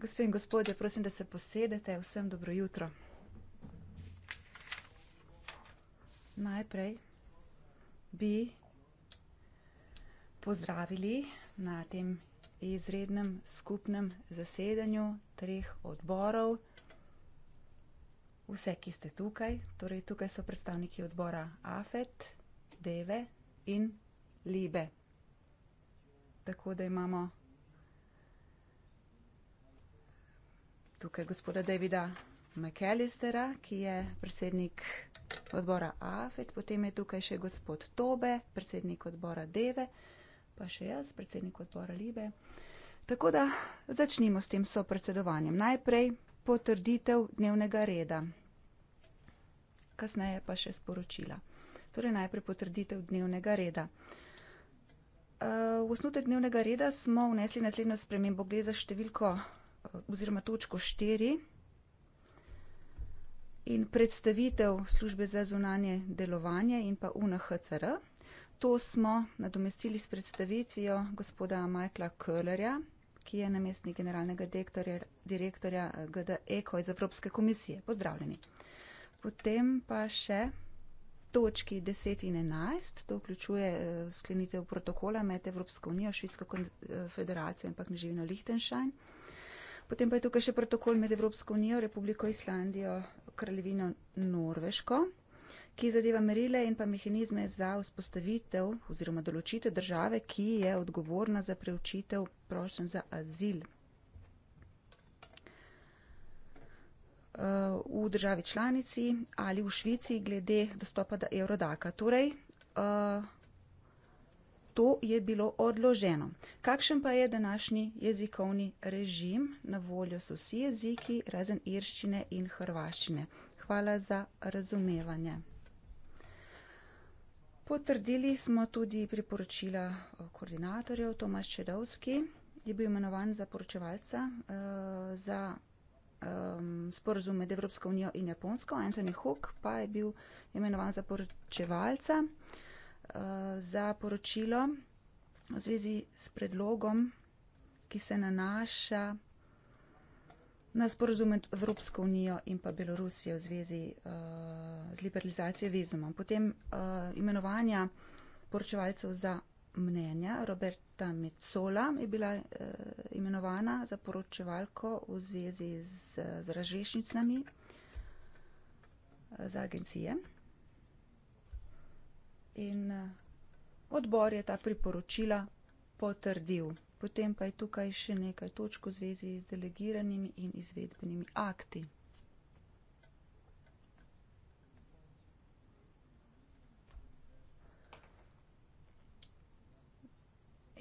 Gospe in gospodje, prosim, da se posedete. Vsem dobro jutro. Najprej bi pozdravili na tem izrednem skupnem zasedanju treh odborov. Vse, ki ste tukaj, torej tukaj so predstavniki odbora AFET, DEVE in LIBE tako da imamo tukaj gospoda Davida McAllistera, ki je predsednik odbora AFET, potem je tukaj še gospod Tobe, predsednik odbora Deve, pa še jaz, predsednik odbora Libe. Tako da začnimo s tem sopredsedovanjem. Najprej potrditev dnevnega reda, kasneje pa še sporočila. Torej najprej potrditev dnevnega reda. Uh, V eh, osnutek dnevnega reda smo vnesli naslednjo spremembo, gre za številko eh, oziroma točko 4 in predstavitev službe za zunanje delovanje in pa UNHCR. To smo nadomestili s predstavitvijo gospoda Majkla Köllerja, ki je namestnik generalnega direktorja, direktorja eh, GD Eko iz Evropske komisije. Pozdravljeni. Potem pa še točki 10 in 11, to vključuje eh, sklenitev protokola med Evropsko unijo, Švedsko eh, federacijo in pa knježivino Lihtenšajn. Potem pa je tukaj še protokol med Evropsko unijo, Republiko Islandijo, Kraljevino Norveško, ki zadeva merile in pa mehanizme za vzpostavitev oziroma določitev države, ki je odgovorna za preučitev prošen za azil v državi članici ali v Švici glede dostopa do Eurodaka. Torej, eh, to je bilo odloženo. Kakšen pa je današnji jezikovni režim? Na voljo so vsi jeziki, razen irščine in hrvaščine. Hvala za razumevanje. Potrdili smo tudi priporočila eh, koordinatorjev. Tomaš Čedovski je bil imenovan za poročevalca eh, za um, sporozum med Evropsko unijo in Japonsko. Anthony Hook pa je bil imenovan za poročevalca uh, za poročilo v zvezi s predlogom, ki se nanaša na sporozum med Evropsko unijo in pa Belorusijo v zvezi uh, z liberalizacijo vizumom. Potem uh, imenovanja poročevalcev za mnenja. Roberta Mecola je bila eh, imenovana za poročevalko v zvezi z, z ražešnicami eh, za agencije. In eh, odbor je ta priporočila potrdil. Potem pa je tukaj še nekaj točk v zvezi z delegiranimi in izvedbenimi akti.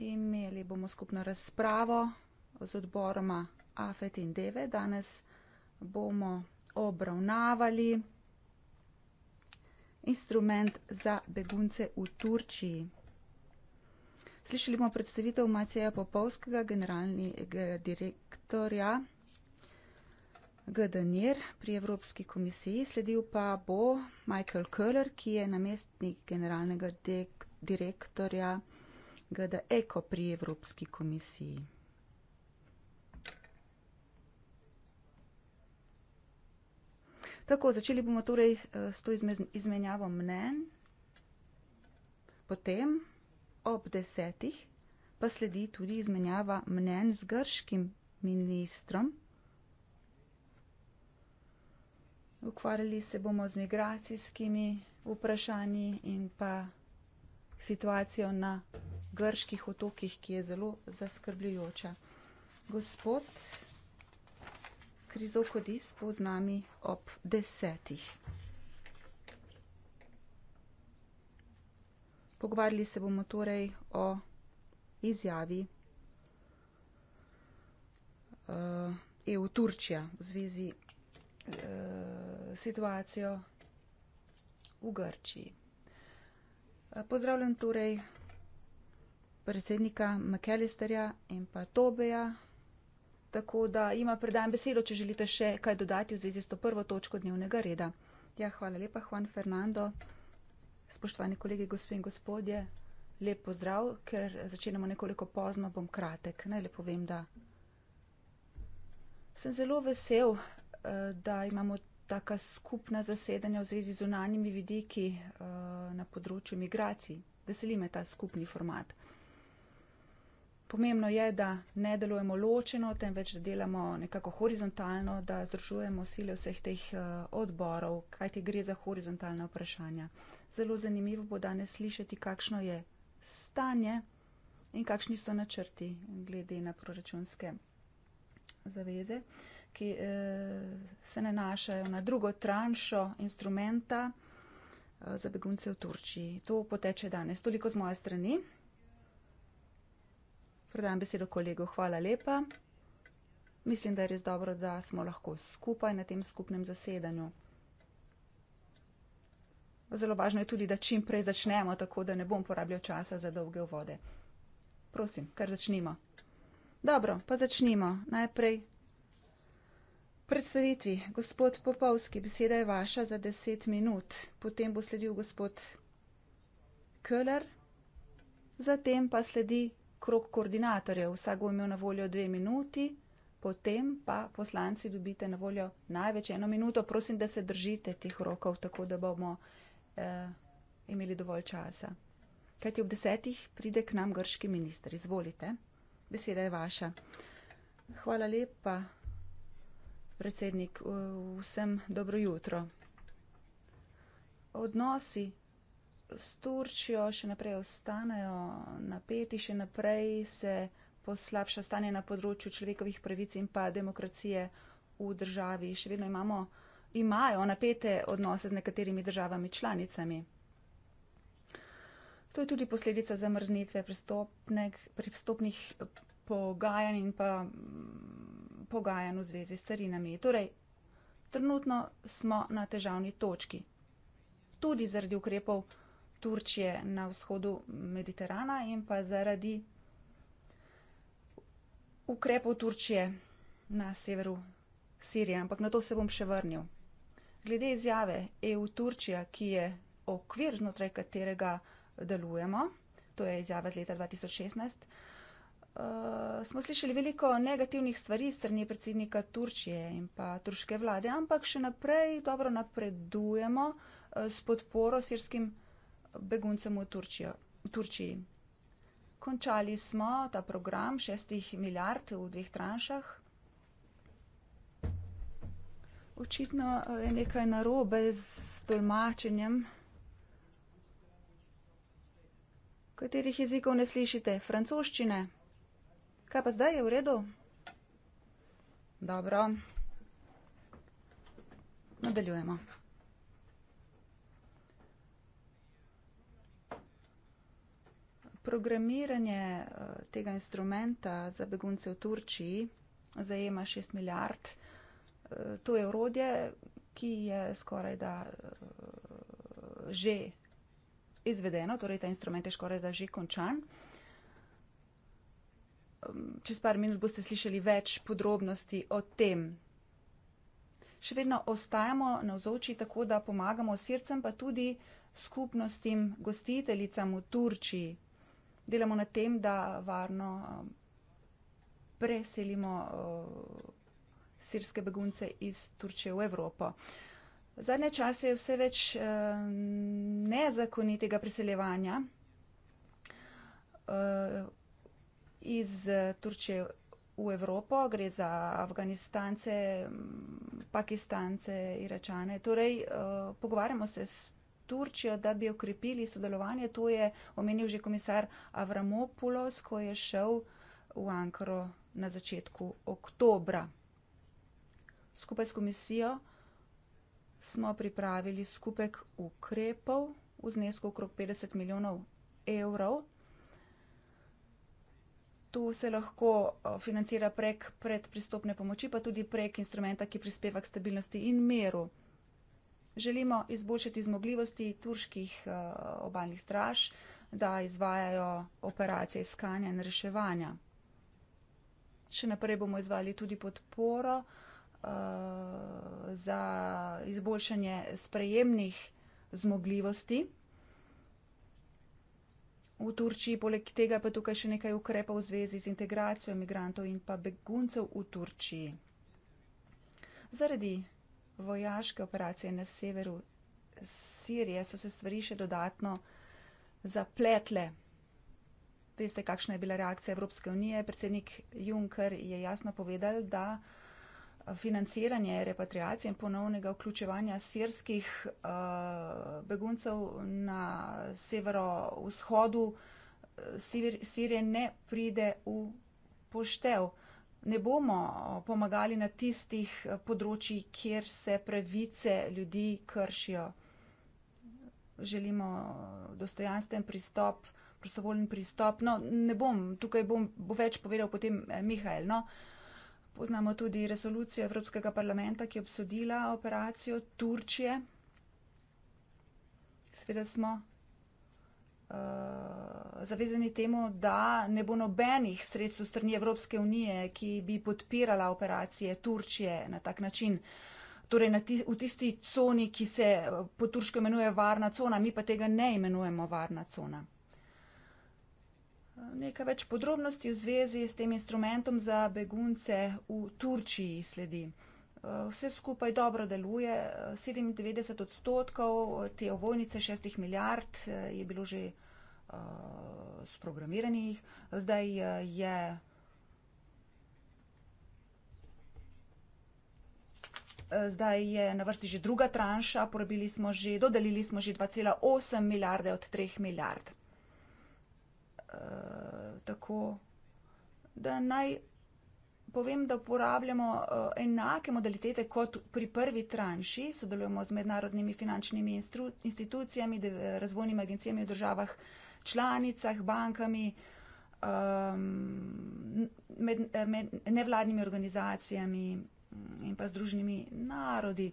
Imeli bomo skupno razpravo z odboroma AFET in DEVE. Danes bomo obravnavali instrument za begunce v Turčiji. Slišali bomo predstavitev Maceja Popovskega, generalnega eh, direktorja GDNR pri Evropski komisiji. Sledil pa bo Michael Köhler, ki je namestnik generalnega direktorja. GD Eko pri Evropski komisiji. Tako, začeli bomo torej eh, s to izmenjavo mnen, potem ob desetih pa sledi tudi izmenjava mnen z grškim ministrom. Ukvarjali se bomo z migracijskimi vprašanji in pa situacijo na grških otokih, ki je zelo zaskrbljujoča. Gospod Krizokodis bo z nami ob desetih. Pogovarjali se bomo torej o izjavi uh, eh, EU Turčija v zvezi uh, situacijo v Grčiji. Eh, pozdravljam torej predsednika McAllisterja in pa Tobeja. Tako da ima predajem besedo, če želite še kaj dodati v zvezi s to prvo točko dnevnega reda. Ja, hvala lepa, Juan Fernando. Spoštovani kolegi, gospe in gospodje, lep pozdrav, ker začenjamo nekoliko pozno, bom kratek. Najlepo povem, da sem zelo vesel, eh, da imamo taka skupna zasedanja v zvezi z zunanjimi vidiki uh, na področju migracij. Veseli me ta skupni format. Pomembno je, da ne delujemo ločeno, temveč da delamo nekako horizontalno, da združujemo sile vseh teh eh, odborov, kajti gre za horizontalna vprašanja. Zelo zanimivo bo danes slišati, kakšno je stanje in kakšni so načrti glede na proračunske zaveze. Uh, ki eh, se nanašajo na drugo tranšo instrumenta eh, za begunce v Turčiji. To poteče danes. Toliko z moje strani. Predam besedo kolegu. Hvala lepa. Mislim, da je res dobro, da smo lahko skupaj na tem skupnem zasedanju. Zelo važno je tudi, da čim prej začnemo, tako da ne bom porabljal časa za dolge vode. Prosim, kar začnimo. Dobro, pa začnimo. Najprej predstavitvi. Gospod Popovski, beseda je vaša za deset minut. Potem bo sledil gospod Köler, zatem pa sledi krok koordinatorjev. Vsak bo imel na voljo dve minuti, potem pa poslanci dobite na voljo največ eno minuto. Prosim, da se držite tih rokov, tako da bomo eh, imeli dovolj časa. Kajti ob desetih pride k nam grški minister. Izvolite. Beseda je vaša. Hvala lepa predsednik, eh, vsem dobro jutro. Odnosi s Turčijo še naprej ostanejo napeti, še naprej se poslabša stanje na področju človekovih pravic in pa demokracije v državi. Še vedno imamo, imajo napete odnose z nekaterimi državami članicami. To je tudi posledica zamrznitve pristopnih pogajanj in pa pogajanj v zvezi s carinami. Torej, trenutno smo na težavni točki. Tudi zaradi ukrepov Turčije na vzhodu Mediterana in pa zaradi ukrepov Turčije na severu Sirije. Ampak na to se bom še vrnil. Glede izjave EU-Turčija, ki je okvir znotraj katerega delujemo, to je izjava z leta 2016, uh, smo slišali veliko negativnih stvari strani predsednika Turčije in pa turške vlade, ampak še naprej dobro napredujemo uh, s podporo sirskim beguncem v Turčijo, Turčiji. Končali smo ta program šestih milijard v dveh tranšah. Očitno eh, je nekaj narobe z tolmačenjem. Katerih jezikov ne slišite? Francoščine? Kaj pa zdaj je v redu? Dobro. Nadaljujemo. Programiranje eh, tega instrumenta za begunce v Turčiji zajema 6 milijard. Eh, to je urodje, ki je skoraj da eh, že izvedeno, torej ta instrument je skoraj da že končan čez par minut boste slišali več podrobnosti o tem. Še vedno ostajamo navzoči tako, da pomagamo srcem, pa tudi skupnostim, gostiteljicam v Turčiji. Delamo na tem, da varno eh, preselimo eh, sirske begunce iz Turčije v Evropo. Zadnje čase je vse več eh, nezakonitega priseljevanja iz eh, Turčije v Evropo, gre za Afganistance, Pakistance, Iračane. Torej, eh, pogovarjamo se s Turčijo, da bi okrepili sodelovanje. To je omenil že komisar Avramopoulos, ko je šel v Ankaro na začetku oktobra. Skupaj s komisijo smo pripravili skupek ukrepov v znesku okrog 50 milijonov evrov. Tu se lahko eh, financira prek predpristopne pomoči, pa tudi prek instrumenta, ki prispeva k stabilnosti in meru. Želimo izboljšati zmogljivosti turških eh, obalnih straž, da izvajajo operacije iskanja in reševanja. Še naprej bomo izvali tudi podporo eh, za izboljšanje sprejemnih zmogljivosti. V Turčiji poleg tega pa tukaj še nekaj ukrepov v zvezi z integracijo migrantov in pa beguncev v Turčiji. Zaradi vojaške operacije na severu Sirije so se stvari še dodatno zapletle. Veste, kakšna je bila reakcija Evropske unije. Predsednik Juncker je jasno povedal, da financiranje repatriacije in ponovnega vključevanja sirskih eh, beguncev na severovzhodu eh, Sir Sirije ne pride v poštev. Ne bomo eh, pomagali na tistih področjih, kjer se pravice ljudi kršijo. Želimo dostojanstven pristop, prostovoljen pristop, no, ne bom, tukaj bom, bo več povedal potem Mihael, no. Poznamo tudi resolucijo Evropskega parlamenta, ki je obsodila operacijo Turčije. Sveda smo uh, zavezani temu, da ne bo nobenih sredstv strani Evropske unije, ki bi podpirala operacije Turčije na tak način. Torej na tis, v tisti coni, ki se eh, po turško imenuje varna cona, mi pa tega ne imenujemo varna cona. Nekaj več podrobnosti v zvezi s tem instrumentom za begunce v Turčiji sledi. Eh, vse skupaj dobro deluje, 97 odstotkov te ovojnice 6 milijard eh, je bilo že uh, sprogramiranih, zdaj je Zdaj je na vrsti že druga tranša, porabili smo že, dodelili smo že 2,8 milijarde od 3 milijard. Eh, tako, da naj povem, da uporabljamo uh, enake modalitete kot pri prvi tranši. Sodelujemo z mednarodnimi finančnimi institucijami, de, razvojnimi agencijami v državah, članicah, bankami, um, med, med nevladnimi organizacijami in pa združenimi narodi.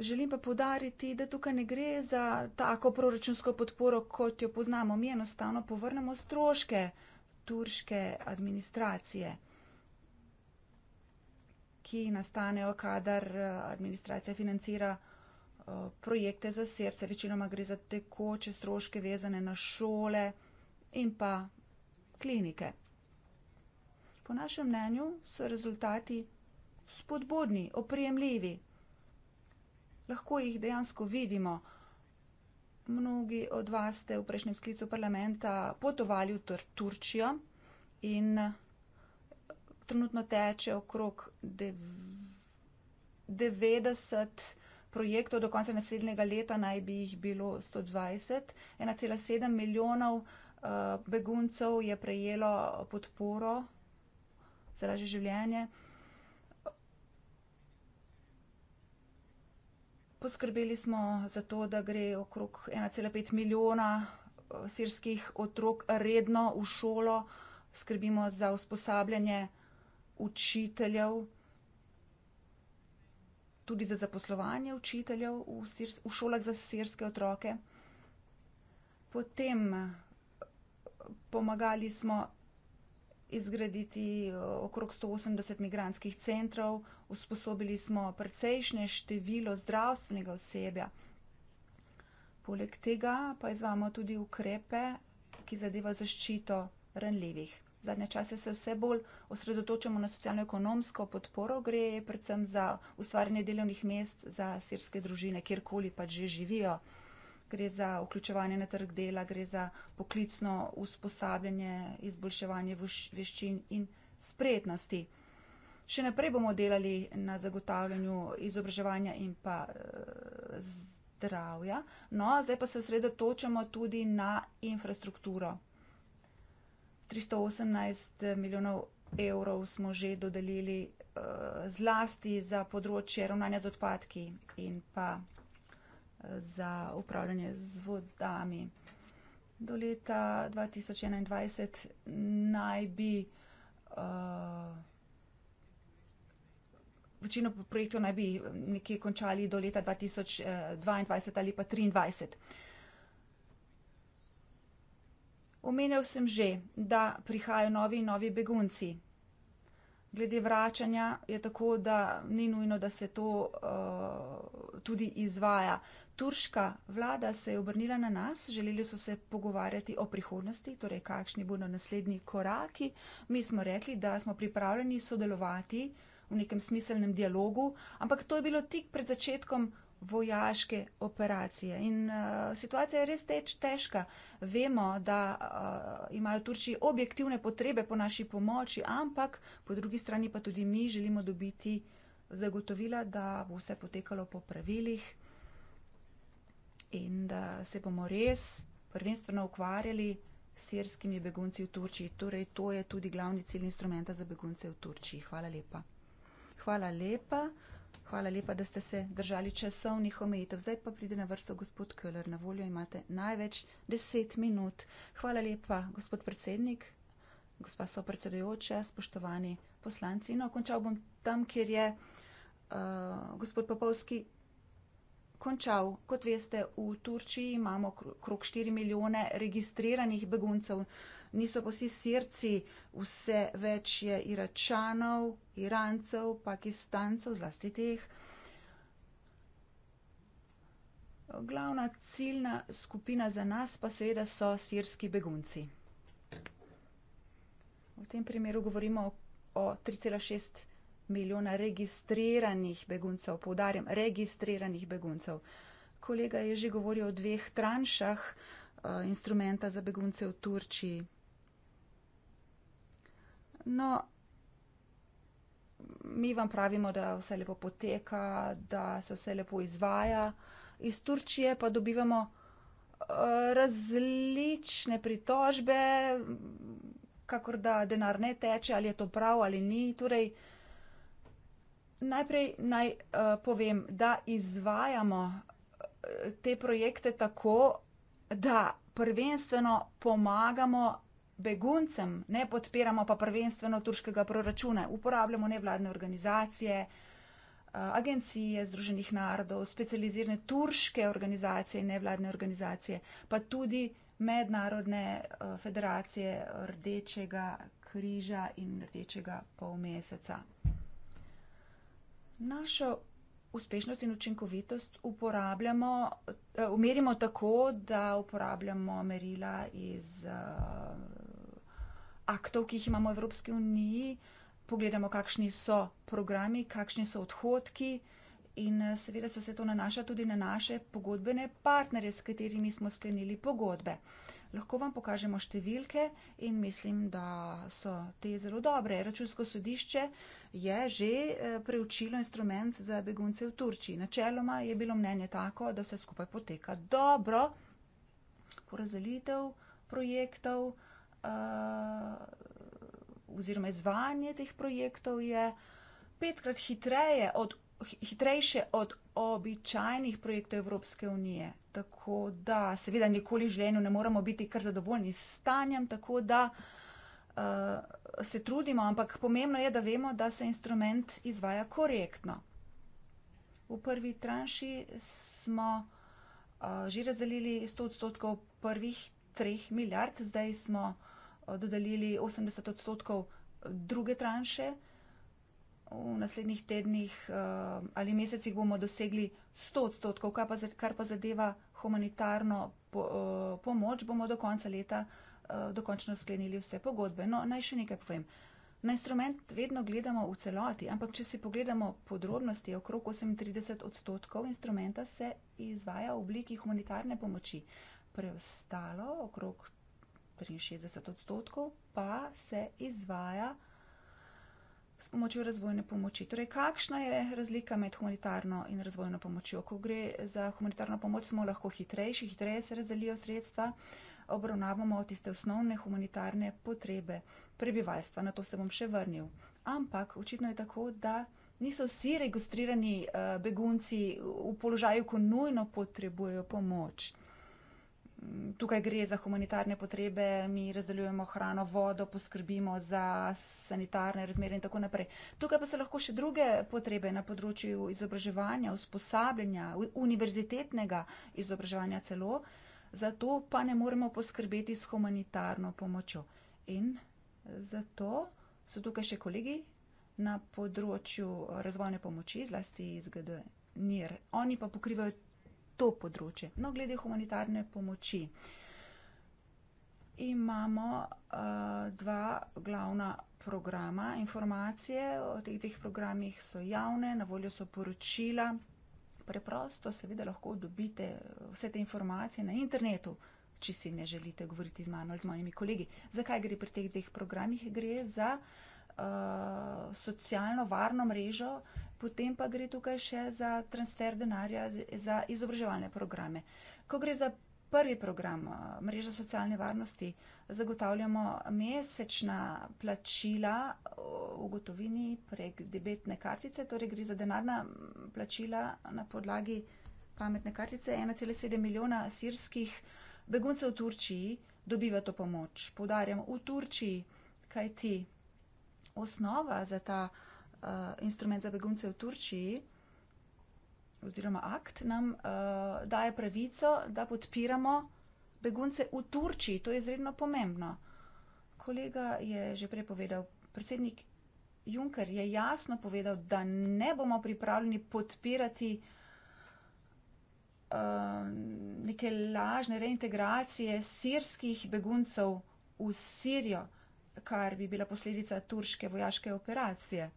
Želim pa povdariti, da tukaj ne gre za tako proračunsko podporo, kot jo poznamo. Mi enostavno povrnemo stroške turške administracije, ki nastanejo, kadar eh, administracija financira eh, projekte za srce. Večinoma gre za tekoče stroške vezane na šole in pa klinike. Po našem mnenju so rezultati spodbudni, opremljivi lahko jih dejansko vidimo. Mnogi od vas ste v prejšnjem sklicu parlamenta potovali v Tur Turčijo in eh, trenutno teče okrog 90 projektov, do konca naslednjega leta naj bi jih bilo 120. 1,7 milijonov eh, beguncev je prejelo podporo za raže življenje. poskrbeli smo za to, da gre okrog 1,5 milijona eh, sirskih otrok redno v šolo, skrbimo za usposabljanje učiteljev, tudi za zaposlovanje učiteljev v, sirs v šolah za sirske otroke. Potem eh, pomagali smo izgraditi eh, okrog 180 migranskih centrov, usposobili smo precejšnje število zdravstvenega osebja. Poleg tega pa izvamo tudi ukrepe, ki zadeva zaščito ranljivih. Zadnje čase se vse bolj osredotočamo na socialno-ekonomsko podporo, gre predvsem za ustvarjanje delovnih mest za sirske družine, kjerkoli pač že živijo gre za vključevanje na trg dela, gre za poklicno usposabljanje, izboljševanje veščin in spretnosti. Še naprej bomo delali na zagotavljanju izobraževanja in pa eh, zdravja. No, zdaj pa se osredotočamo tudi na infrastrukturo. 318 milijonov evrov smo že dodelili eh, zlasti za področje ravnanja z odpadki in pa za upravljanje z vodami. Do leta 2021 naj bi uh, večino projektov naj bi nekje končali do leta 2022 eh, ali pa 2023. Omenjal sem že, da prihajajo novi in novi begunci. Glede vračanja je tako, da ni nujno, da se to uh, tudi izvaja. Turška vlada se je obrnila na nas, želeli so se pogovarjati o prihodnosti, torej kakšni bodo naslednji koraki. Mi smo rekli, da smo pripravljeni sodelovati v nekem smiselnem dialogu, ampak to je bilo tik pred začetkom vojaške operacije. In uh, situacija je res teč težka. Vemo, da uh, imajo Turčiji objektivne potrebe po naši pomoči, ampak po drugi strani pa tudi mi želimo dobiti zagotovila, da bo vse potekalo po pravilih in da se bomo res prvenstveno ukvarjali s sirskimi begunci v Turčiji. Torej, to je tudi glavni cilj instrumenta za begunce v Turčiji. Hvala lepa. Hvala lepa. Hvala lepa, da ste se držali časovnih omejitev. Zdaj pa pride na vrsto gospod Köhler. Na voljo imate največ deset minut. Hvala lepa, gospod predsednik, gospa sopredsedujoča, spoštovani poslanci. No, končal bom tam, kjer je uh, gospod Popovski končal. Kot veste, v Turčiji imamo krok 4 milijone registriranih beguncev. Niso pa vsi sirci, vse več je iračanov, irancev, pakistancev, zlasti teh. Glavna ciljna skupina za nas pa seveda so sirski begunci. V tem primeru govorimo o 3,6 milijona milijona registriranih beguncev, povdarjam, registriranih beguncev. Kolega je že govoril o dveh tranšah uh, instrumenta za begunce v Turčiji. No, mi vam pravimo, da vse lepo poteka, da se vse lepo izvaja. Iz Turčije pa dobivamo eh, različne pritožbe, kakor da denar ne teče, ali je to prav ali ni. Torej, uh, najprej naj uh, povem, da izvajamo uh, te projekte tako, da prvenstveno pomagamo beguncem, ne podpiramo pa prvenstveno turškega proračuna. Uporabljamo nevladne organizacije, eh, agencije Združenih narodov, specializirane turške organizacije in nevladne organizacije, pa tudi mednarodne federacije Rdečega križa in Rdečega polmeseca. Našo uspešnost in učinkovitost uporabljamo, eh, umerimo tako, da uporabljamo merila iz eh, aktov, ki jih imamo v Evropski uniji, pogledamo, kakšni so programi, kakšni so odhodki in eh, seveda se to nanaša tudi na naše pogodbene partnerje, s katerimi smo sklenili pogodbe lahko vam pokažemo številke in mislim, da so te zelo dobre. Računsko sodišče je že eh, preučilo instrument za begunce v Turčiji. Načeloma je bilo mnenje tako, da vse skupaj poteka dobro. Porazdelitev projektov eh, oziroma izvajanje teh projektov je petkrat hitreje od hitrejše od običajnih projektov Evropske unije. Tako da, seveda, nikoli v življenju ne moramo biti kar zadovoljni s stanjem, tako da uh, se trudimo, ampak pomembno je, da vemo, da se instrument izvaja korektno. V prvi tranši smo uh, že razdelili 100 odstotkov prvih 3 milijard, zdaj smo uh, dodelili 80 odstotkov druge tranše v naslednjih tednih uh, ali mesecih bomo dosegli 100 odstotkov, kar pa, kar pa zadeva humanitarno po, uh, pomoč, bomo do konca leta uh, dokončno sklenili vse pogodbe. No, naj še nekaj povem. Na instrument vedno gledamo v celoti, ampak če si pogledamo podrobnosti, okrog 38 odstotkov instrumenta se izvaja v obliki humanitarne pomoči. Preostalo, okrog 63 odstotkov, pa se izvaja s pomočjo razvojne pomoči. Torej, kakšna je razlika med humanitarno in razvojno pomočjo? Ko gre za humanitarno pomoč, smo lahko hitrejši, hitreje se razdelijo sredstva, obravnavamo tiste osnovne humanitarne potrebe prebivalstva, na to se bom še vrnil. Ampak očitno je tako, da niso vsi registrirani eh, begunci v položaju, ko nujno potrebujejo pomoč tukaj gre za humanitarne potrebe, mi razdeljujemo hrano, vodo, poskrbimo za sanitarne razmere in tako naprej. Tukaj pa so lahko še druge potrebe na področju izobraževanja, usposabljanja, univerzitetnega izobraževanja celo, zato pa ne moremo poskrbeti s humanitarno pomočjo. In zato so tukaj še kolegi na področju razvojne pomoči, zlasti iz GD NIR. Oni pa pokrivajo to področje. No, glede humanitarne pomoči. Imamo uh, dva glavna programa. Informacije o teh dveh programih so javne, na voljo so poročila. Preprosto seveda lahko dobite eh, vse te informacije na internetu, če si ne želite govoriti z mano ali z mojimi kolegi. Zakaj gre pri teh dveh programih? Gre za uh, Eh, socialno varno mrežo, potem pa gre tukaj še za transfer denarja za izobraževalne programe. Ko gre za prvi program eh, mreže socialne varnosti, zagotavljamo mesečna plačila eh, v gotovini prek debetne kartice, torej gre za denarna mm, plačila na podlagi pametne kartice. 1,7 milijona sirskih beguncev v Turčiji dobiva to pomoč. Povdarjam, v Turčiji, kaj ti? osnova za ta uh, instrument za begunce v Turčiji oziroma akt nam uh, daje pravico, da podpiramo begunce v Turčiji. To je izredno pomembno. Kolega je že prej povedal, predsednik Juncker je jasno povedal, da ne bomo pripravljeni podpirati uh, neke lažne reintegracije sirskih beguncev v Sirijo kar bi bila posledica turške vojaške operacije.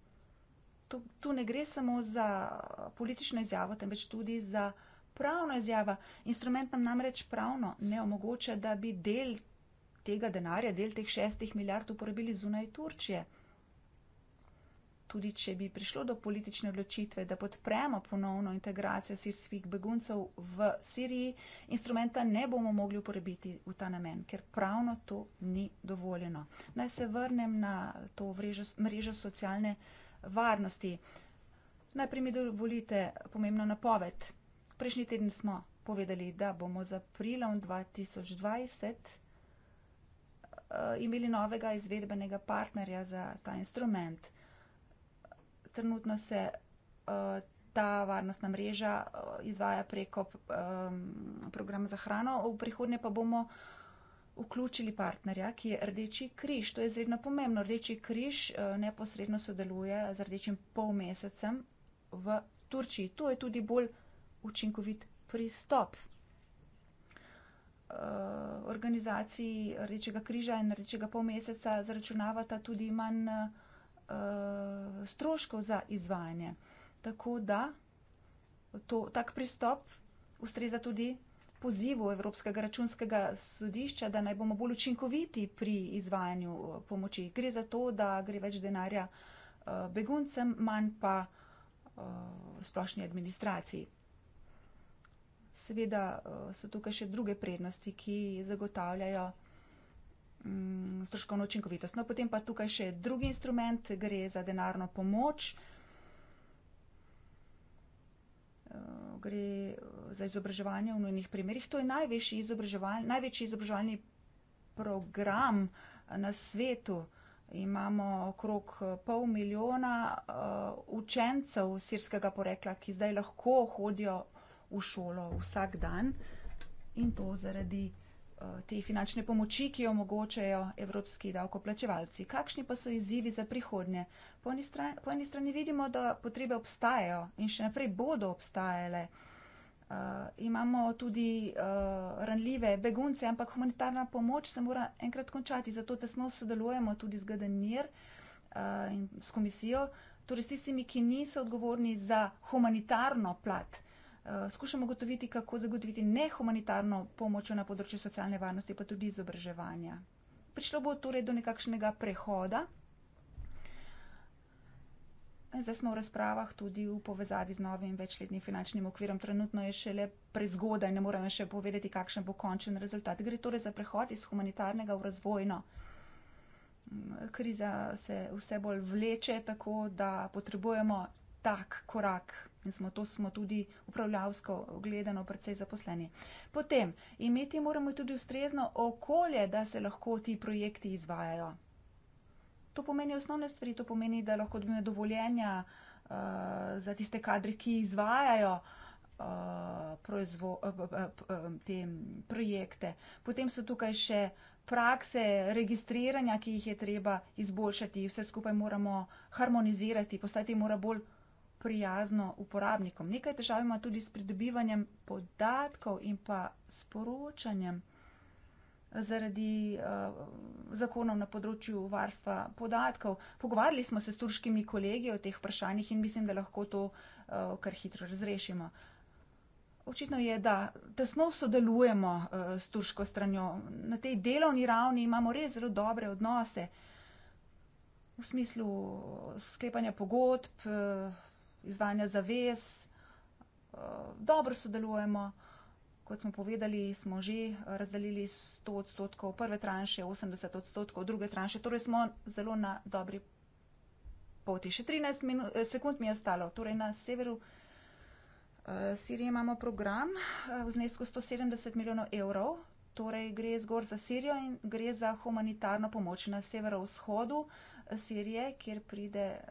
Tu, tu ne gre samo za politično izjavo, temveč tudi za pravno izjavo. Instrument nam namreč pravno ne omogoča, da bi del tega denarja, del teh šestih milijard uporabili zunaj Turčije tudi če bi prišlo do politične odločitve, da podpremo ponovno integracijo sirskih beguncev v Siriji, instrumenta ne bomo mogli uporabiti v ta namen, ker pravno to ni dovoljeno. Naj se vrnem na to vrežo, mrežo socialne varnosti. Najprej mi dovolite pomembno napoved. Prejšnji teden smo povedali, da bomo z aprilom 2020 uh, eh, imeli novega izvedbenega partnerja za ta instrument trenutno se uh, Ta varnostna mreža eh, izvaja preko um, programa za hrano. V prihodnje pa bomo vključili partnerja, ki je Rdeči križ. To je izredno pomembno. Rdeči križ uh, neposredno sodeluje z Rdečim polmesecem v Turčiji. To je tudi bolj učinkovit pristop. Uh, organizaciji Rdečega križa in Rdečega polmeseca zaračunavata tudi manj. Uh, Eh, stroškov za izvajanje. Tako da to, tak pristop ustreza tudi pozivu Evropskega računskega sodišča, da naj bomo bolj učinkoviti pri izvajanju eh, pomoči. Gre za to, da gre več denarja eh, beguncem, manj pa splošni administraciji. Seveda so tukaj še druge prednosti, ki zagotavljajo Mm, stroškovno učinkovitost. No, potem pa tukaj še drugi instrument, gre za denarno pomoč, eh, gre eh, za izobraževanje v nujnih primerih. To je največji, izobraževal, največji izobraževalni program eh, na svetu. Imamo okrog pol milijona učencev sirskega porekla, ki zdaj lahko hodijo v šolo vsak dan in to zaradi Eh, te finančne pomoči, ki jo omogočajo evropski davkoplačevalci. Kakšni pa so izzivi za prihodnje? Po eni, strani, po eni strani vidimo, da potrebe obstajajo in še naprej bodo obstajale. Uh, imamo tudi uh, ranljive begunce, ampak humanitarna pomoč se mora enkrat končati, zato tesno sodelujemo tudi z GDNIR uh, in s komisijo, torej s tistimi, ki niso odgovorni za humanitarno plat. Uh, Eh, skušamo gotoviti, kako zagotoviti nehumanitarno pomoč na področju socialne varnosti, pa tudi izobraževanja. Prišlo bo torej do nekakšnega prehoda. Zdaj smo v razpravah tudi v povezavi z novim večletnim finančnim okvirom. Trenutno je šele prezgodaj, ne moremo še povedati, kakšen bo končen rezultat. Gre torej za prehod iz humanitarnega v razvojno. Kriza se vse bolj vleče, tako da potrebujemo tak korak In smo to smo tudi upravljavsko gledano predvsej zaposleni. Potem, imeti moramo tudi ustrezno okolje, da se lahko ti projekti izvajajo. To pomeni osnovne stvari, to pomeni, da lahko dobimo dovoljenja uh, za tiste kadre, ki izvajajo uh, proizvo, uh, te projekte. Potem so tukaj še prakse registriranja, ki jih je treba izboljšati. Vse skupaj moramo harmonizirati, postati mora bolj prijazno uporabnikom. Nekaj težav ima tudi s pridobivanjem podatkov in pa sporočanjem zaradi uh, zakonov na področju varstva podatkov. Pogovarjali smo se s turškimi kolegi o teh vprašanjih in mislim, da lahko to uh, kar hitro razrešimo. Očitno je, da tesno sodelujemo uh, s turško stranjo. Na tej delovni ravni imamo res zelo dobre odnose v smislu sklepanja pogodb. Uh, izvajanja zavez, eh, dobro sodelujemo. Kot smo povedali, smo že razdelili 100 odstotkov prve tranše, 80 odstotkov druge tranše, torej smo zelo na dobri poti. Še 13 eh, sekund mi je ostalo, torej na severu eh, Sirije imamo program v znesku 170 milijonov evrov, torej gre zgor za Sirijo in gre za humanitarno pomoč na severovzhodu. Sirije, kjer pride, eh,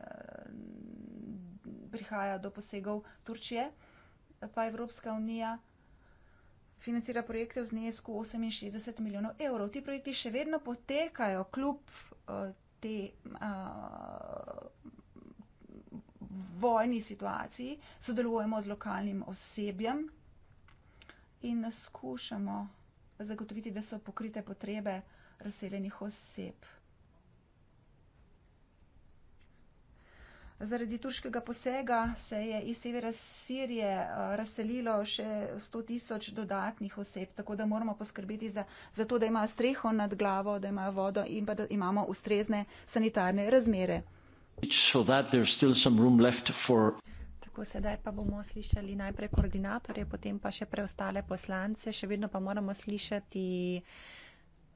prihaja do posegov Turčije, pa Evropska unija financira projekte v znesku 68 milijonov evrov. Ti projekti še vedno potekajo, kljub eh, te eh, vojni situaciji, sodelujemo z lokalnim osebjem in skušamo zagotoviti, da so pokrite potrebe razseljenih oseb. Zaradi turškega posega se je iz severa Sirije eh, razselilo še 100 tisoč dodatnih oseb, tako da moramo poskrbeti za, za to, da imajo streho nad glavo, da imajo vodo in pa da imamo ustrezne sanitarne razmere. Tako sedaj pa bomo slišali najprej koordinatorje, potem pa še preostale poslance. Še vedno pa moramo slišati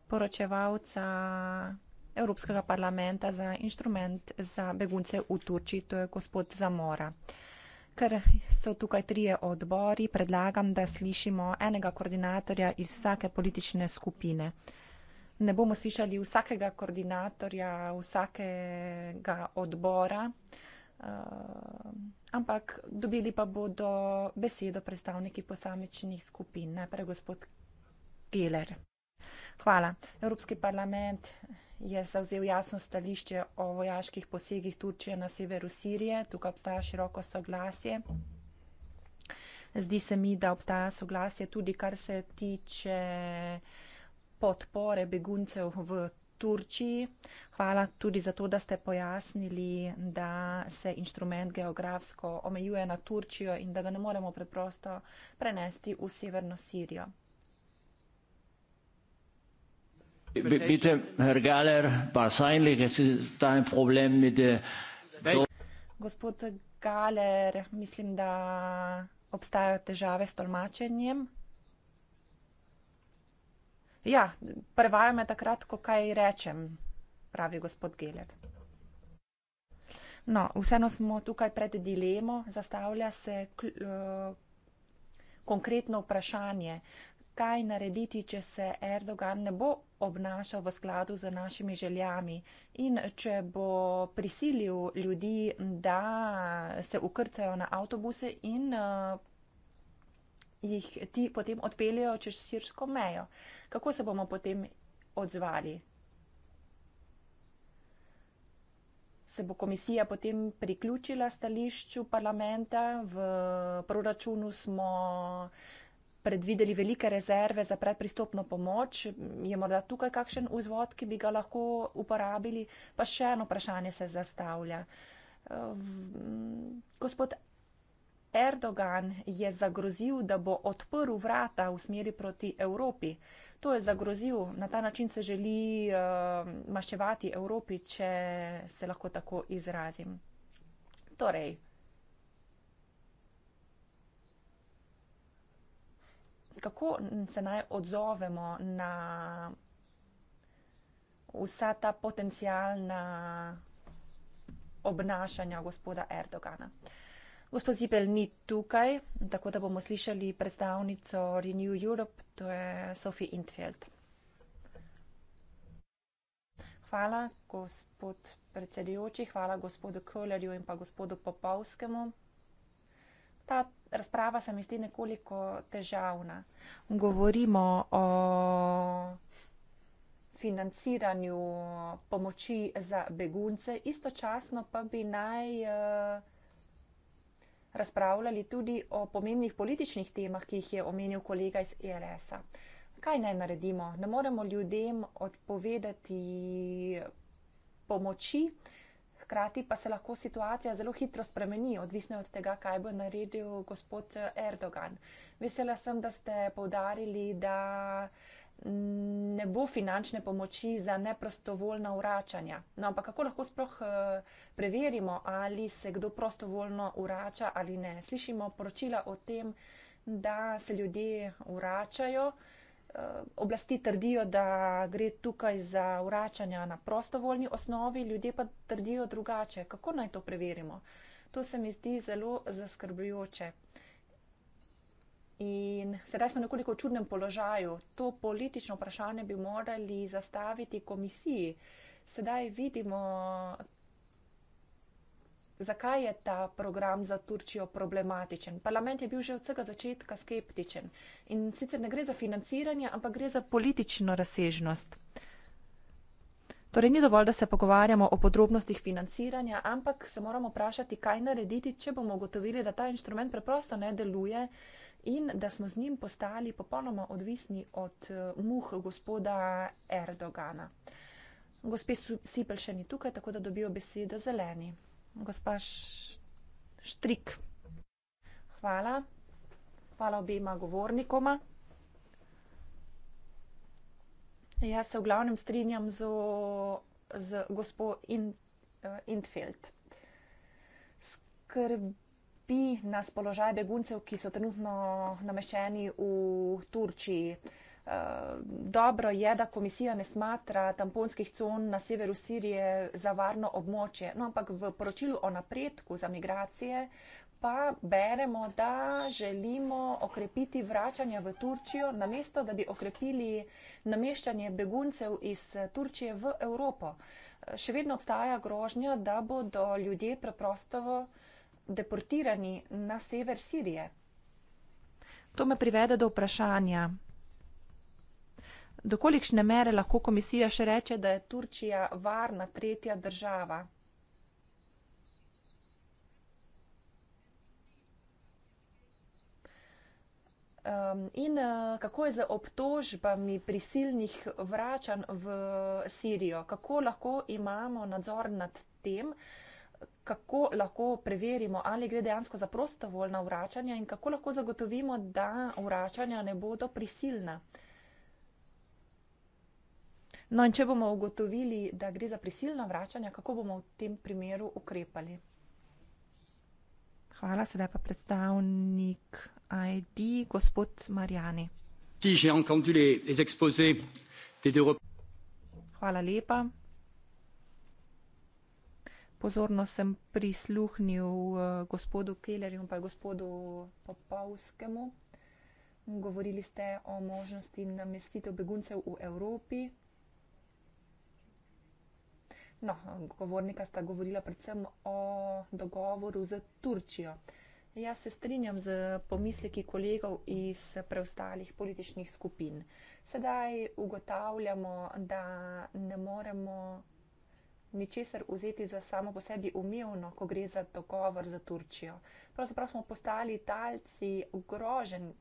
poročevalca Evropskega parlamenta za inštrument za begunce v Turčiji, to je gospod Zamora. Ker so tukaj trije odbori, predlagam, da slišimo enega koordinatorja iz vsake politične skupine. Ne bomo slišali vsakega koordinatorja, vsakega odbora, eh, ampak dobili pa bodo besedo predstavniki posamečnih skupin. Najprej gospod Geller. Hvala. Evropski parlament je zauzel jasno stališče o vojaških posegih Turčije na severu Sirije. Tukaj obstaja široko soglasje. Zdi se mi, da obstaja soglasje tudi kar se tiče podpore beguncev v Turčiji. Hvala tudi za to, da ste pojasnili, da se inštrument geografsko omejuje na Turčijo in da ga ne moremo preprosto prenesti v severno Sirijo. Bitte, Herr Galler, wahrscheinlich es ist es da ein Problem mit der. Gospod Galler, mislim, da obstajajo težave s tolmačenjem. Ja, prevajo me takrat, ko kaj rečem, pravi gospod Geller. No, vseeno smo tukaj pred dilemo, zastavlja se kl, uh, konkretno vprašanje, kaj narediti, če se Erdogan ne bo obnašal v skladu z našimi željami in če bo prisilil ljudi, da se ukrcajo na avtobuse in uh, jih ti potem odpeljajo čez sirsko mejo, kako se bomo potem odzvali? Se bo komisija potem priključila stališču parlamenta, v proračunu smo uh, predvideli velike rezerve za predpristopno pomoč. Je morda tukaj kakšen vzvod, ki bi ga lahko uporabili? Pa še eno vprašanje se zastavlja. Gospod Erdogan je zagrozil, da bo odprl vrata v smeri proti Evropi. To je zagrozil. Na ta način se želi eh, maščevati Evropi, če se lahko tako izrazim. Torej, kako se naj odzovemo na vsa ta potencijalna obnašanja gospoda Erdogana. Gospod Zibel ni tukaj, tako da bomo slišali predstavnico Renew Europe, to je Sophie Intfeld. Hvala, gospod predsedujoči, hvala gospodu Kolerju in pa gospodu Popovskemu. Ta razprava se mi zdi nekoliko težavna. Govorimo o financiranju pomoči za begunce, istočasno pa bi naj eh, razpravljali tudi o pomembnih političnih temah, ki jih je omenil kolega iz ELS-a. Kaj naj naredimo? Ne moremo ljudem odpovedati pomoči, Hkrati pa se lahko situacija zelo hitro spremeni, odvisno od tega, kaj bo naredil gospod eh, Erdogan. Vesela sem, da ste povdarili, da mm, ne bo finančne pomoči za neprostovoljna uračanja. No, ampak kako lahko sploh eh, preverimo, ali se kdo prostovoljno urača ali ne? Slišimo poročila o tem, da se ljudje uračajo. Eh, oblasti trdijo, da gre tukaj za vračanja na prostovoljni osnovi, ljudje pa trdijo drugače. Kako naj to preverimo? To se mi zdi zelo zaskrbljujoče. In sedaj smo nekoliko v čudnem položaju. To politično vprašanje bi morali zastaviti komisiji. Sedaj vidimo zakaj je ta program za Turčijo problematičen. Parlament je bil že od vsega začetka skeptičen in sicer ne gre za financiranje, ampak gre za politično razsežnost. Torej ni dovolj, da se pogovarjamo o podrobnostih financiranja, ampak se moramo vprašati, kaj narediti, če bomo ugotovili, da ta inštrument preprosto ne deluje in da smo z njim postali popolnoma odvisni od eh, muh gospoda Erdogana. Gospe Sipel še ni tukaj, tako da dobijo besedo zeleni gospa Štrik. Hvala. Hvala obema govornikoma. Jaz se v glavnem strinjam z, z gospod In, uh, Intfeld. Skrbi nas položaj beguncev, ki so trenutno nameščeni v Turčiji. Uh, dobro je, da komisija ne smatra tamponskih con na severu Sirije za varno območje. No, ampak v poročilu o napredku za migracije pa beremo, da želimo okrepiti vračanje v Turčijo, namesto da bi okrepili nameščanje beguncev iz Turčije v Evropo. Še vedno obstaja grožnja, da bodo ljudje preprosto deportirani na sever Sirije. To me privede do vprašanja, do kolikšne mere lahko komisija še reče, da je Turčija varna tretja država? Um, in uh, kako je z obtožbami prisilnih vračanj v Sirijo? Kako lahko imamo nadzor nad tem, kako lahko preverimo, ali gre dejansko za prostovoljna vračanja in kako lahko zagotovimo, da vračanja ne bodo prisilna? Uh, No, in če bomo ugotovili, da gre za prisilno vračanje, kako bomo v tem primeru ukrepali? Hvala, sedaj pa predstavnik ID, gospod Marjani. Hvala lepa. Pozorno sem prisluhnil eh, gospodu Kellerju in pa gospodu Popovskemu. Govorili ste o možnosti namestitev beguncev v Evropi. No, govornika sta govorila predvsem o dogovoru z Turčijo. Jaz se strinjam z pomisleki kolegov iz preostalih političnih skupin. Sedaj ugotavljamo, da ne moremo ničesar vzeti za samo po sebi umevno, ko gre za dogovor z Turčijo. Pravzaprav smo postali talci ogrožen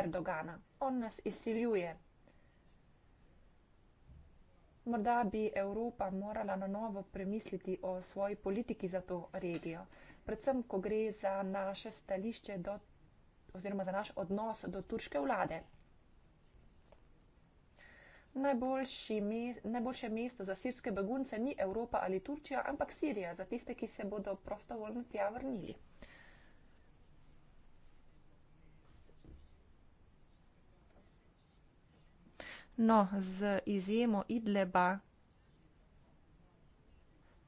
Erdogana. On nas izsiljuje morda bi Evropa morala na novo premisliti o svoji politiki za to regijo. Predvsem, ko gre za naše stališče do, oziroma za naš odnos do turške vlade. Me, najboljše mesto za sirske begunce ni Evropa ali Turčija, ampak Sirija, za tiste, ki se bodo prostovoljno tja vrnili. No, z izjemo Idleba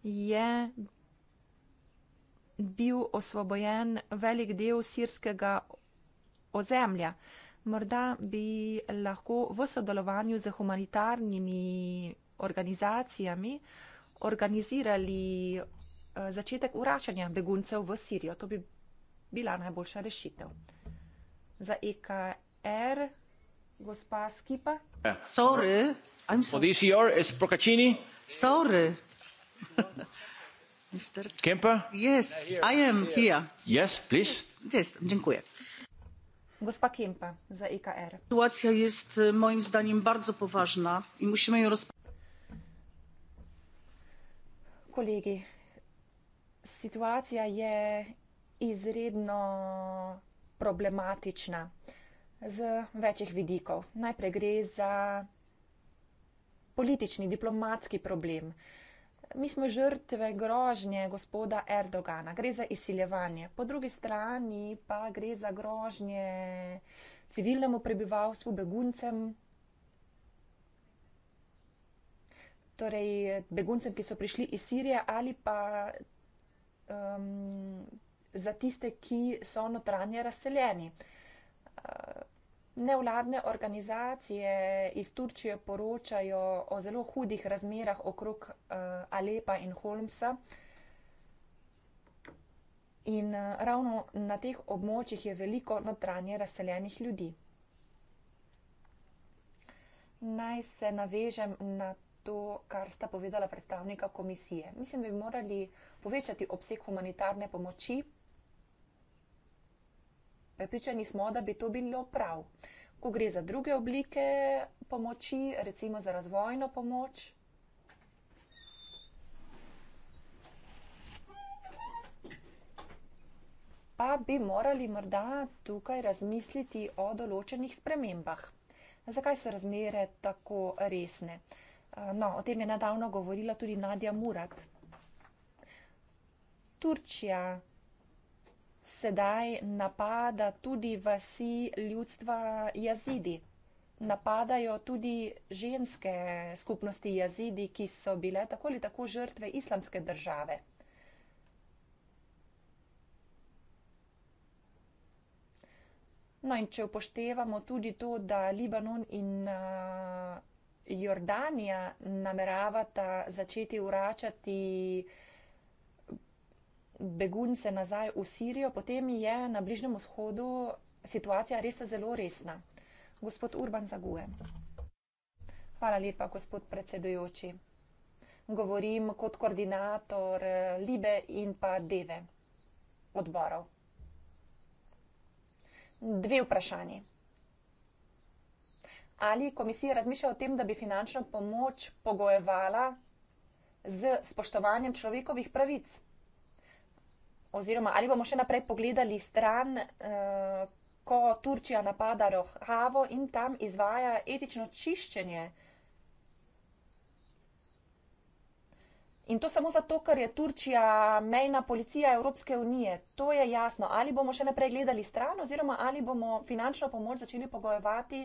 je bil osvobojen velik del sirskega ozemlja. Morda bi lahko v sodelovanju z humanitarnimi organizacijami organizirali eh, začetek uračanja beguncev v Sirijo. To bi bila najboljša rešitev. Za EKR, gospa Skipa. Sorry. I'm so- well, this year is Procaccini. Sorry. Mr. Kemper? Yes, I am here. Yes, please. Yes, dziękuję. Gospa Kempa za IKR. E sytuacja jest e, moim zdaniem bardzo poważna i musimy ją Kolegi, sytuacja jest izredno problematyczna z večjih vidikov. Najprej gre za politični, diplomatski problem. Mi smo žrtve grožnje gospoda Erdogana, gre za izsiljevanje. Po drugi strani pa gre za grožnje civilnemu prebivalstvu, beguncem, torej beguncem, ki so prišli iz Sirije ali pa um, za tiste, ki so notranje razseljeni. Uh, Nevladne organizacije iz Turčije poročajo o zelo hudih razmerah okrog uh, Alepa in Holmsa. In eh, ravno na teh območjih je veliko notranje razseljenih ljudi. Naj se navežem na to, kar sta povedala predstavnika komisije. Mislim, da bi morali povečati obseg humanitarne pomoči, Pripričani smo, da bi to bilo prav. Ko gre za druge oblike pomoči, recimo za razvojno pomoč. Pa bi morali morda tukaj razmisliti o določenih spremembah. Zakaj so razmere tako resne? No, o tem je nedavno govorila tudi Nadja Murat. Turčija, sedaj napada tudi vasi ljudstva jazidi. Napadajo tudi ženske skupnosti jazidi, ki so bile tako ali tako žrtve islamske države. No in če upoštevamo tudi to, da Libanon in uh, Jordanija nameravata začeti vračati uh, begunce nazaj v Sirijo, potem je na Bližnjem vzhodu situacija res zelo resna. Gospod Urban Zaguje. Hvala lepa, gospod predsedujoči. Govorim kot koordinator eh, Libe in pa Deve odborov. Dve vprašanje. Ali komisija razmišlja o tem, da bi finančno pomoč pogojevala z spoštovanjem človekovih pravic? oziroma ali bomo še naprej pogledali stran, eh, ko Turčija napada Rohavo in tam izvaja etično čiščenje. In to samo zato, ker je Turčija mejna policija Evropske unije. To je jasno. Ali bomo še naprej gledali stran, oziroma ali bomo finančno pomoč začeli pogojevati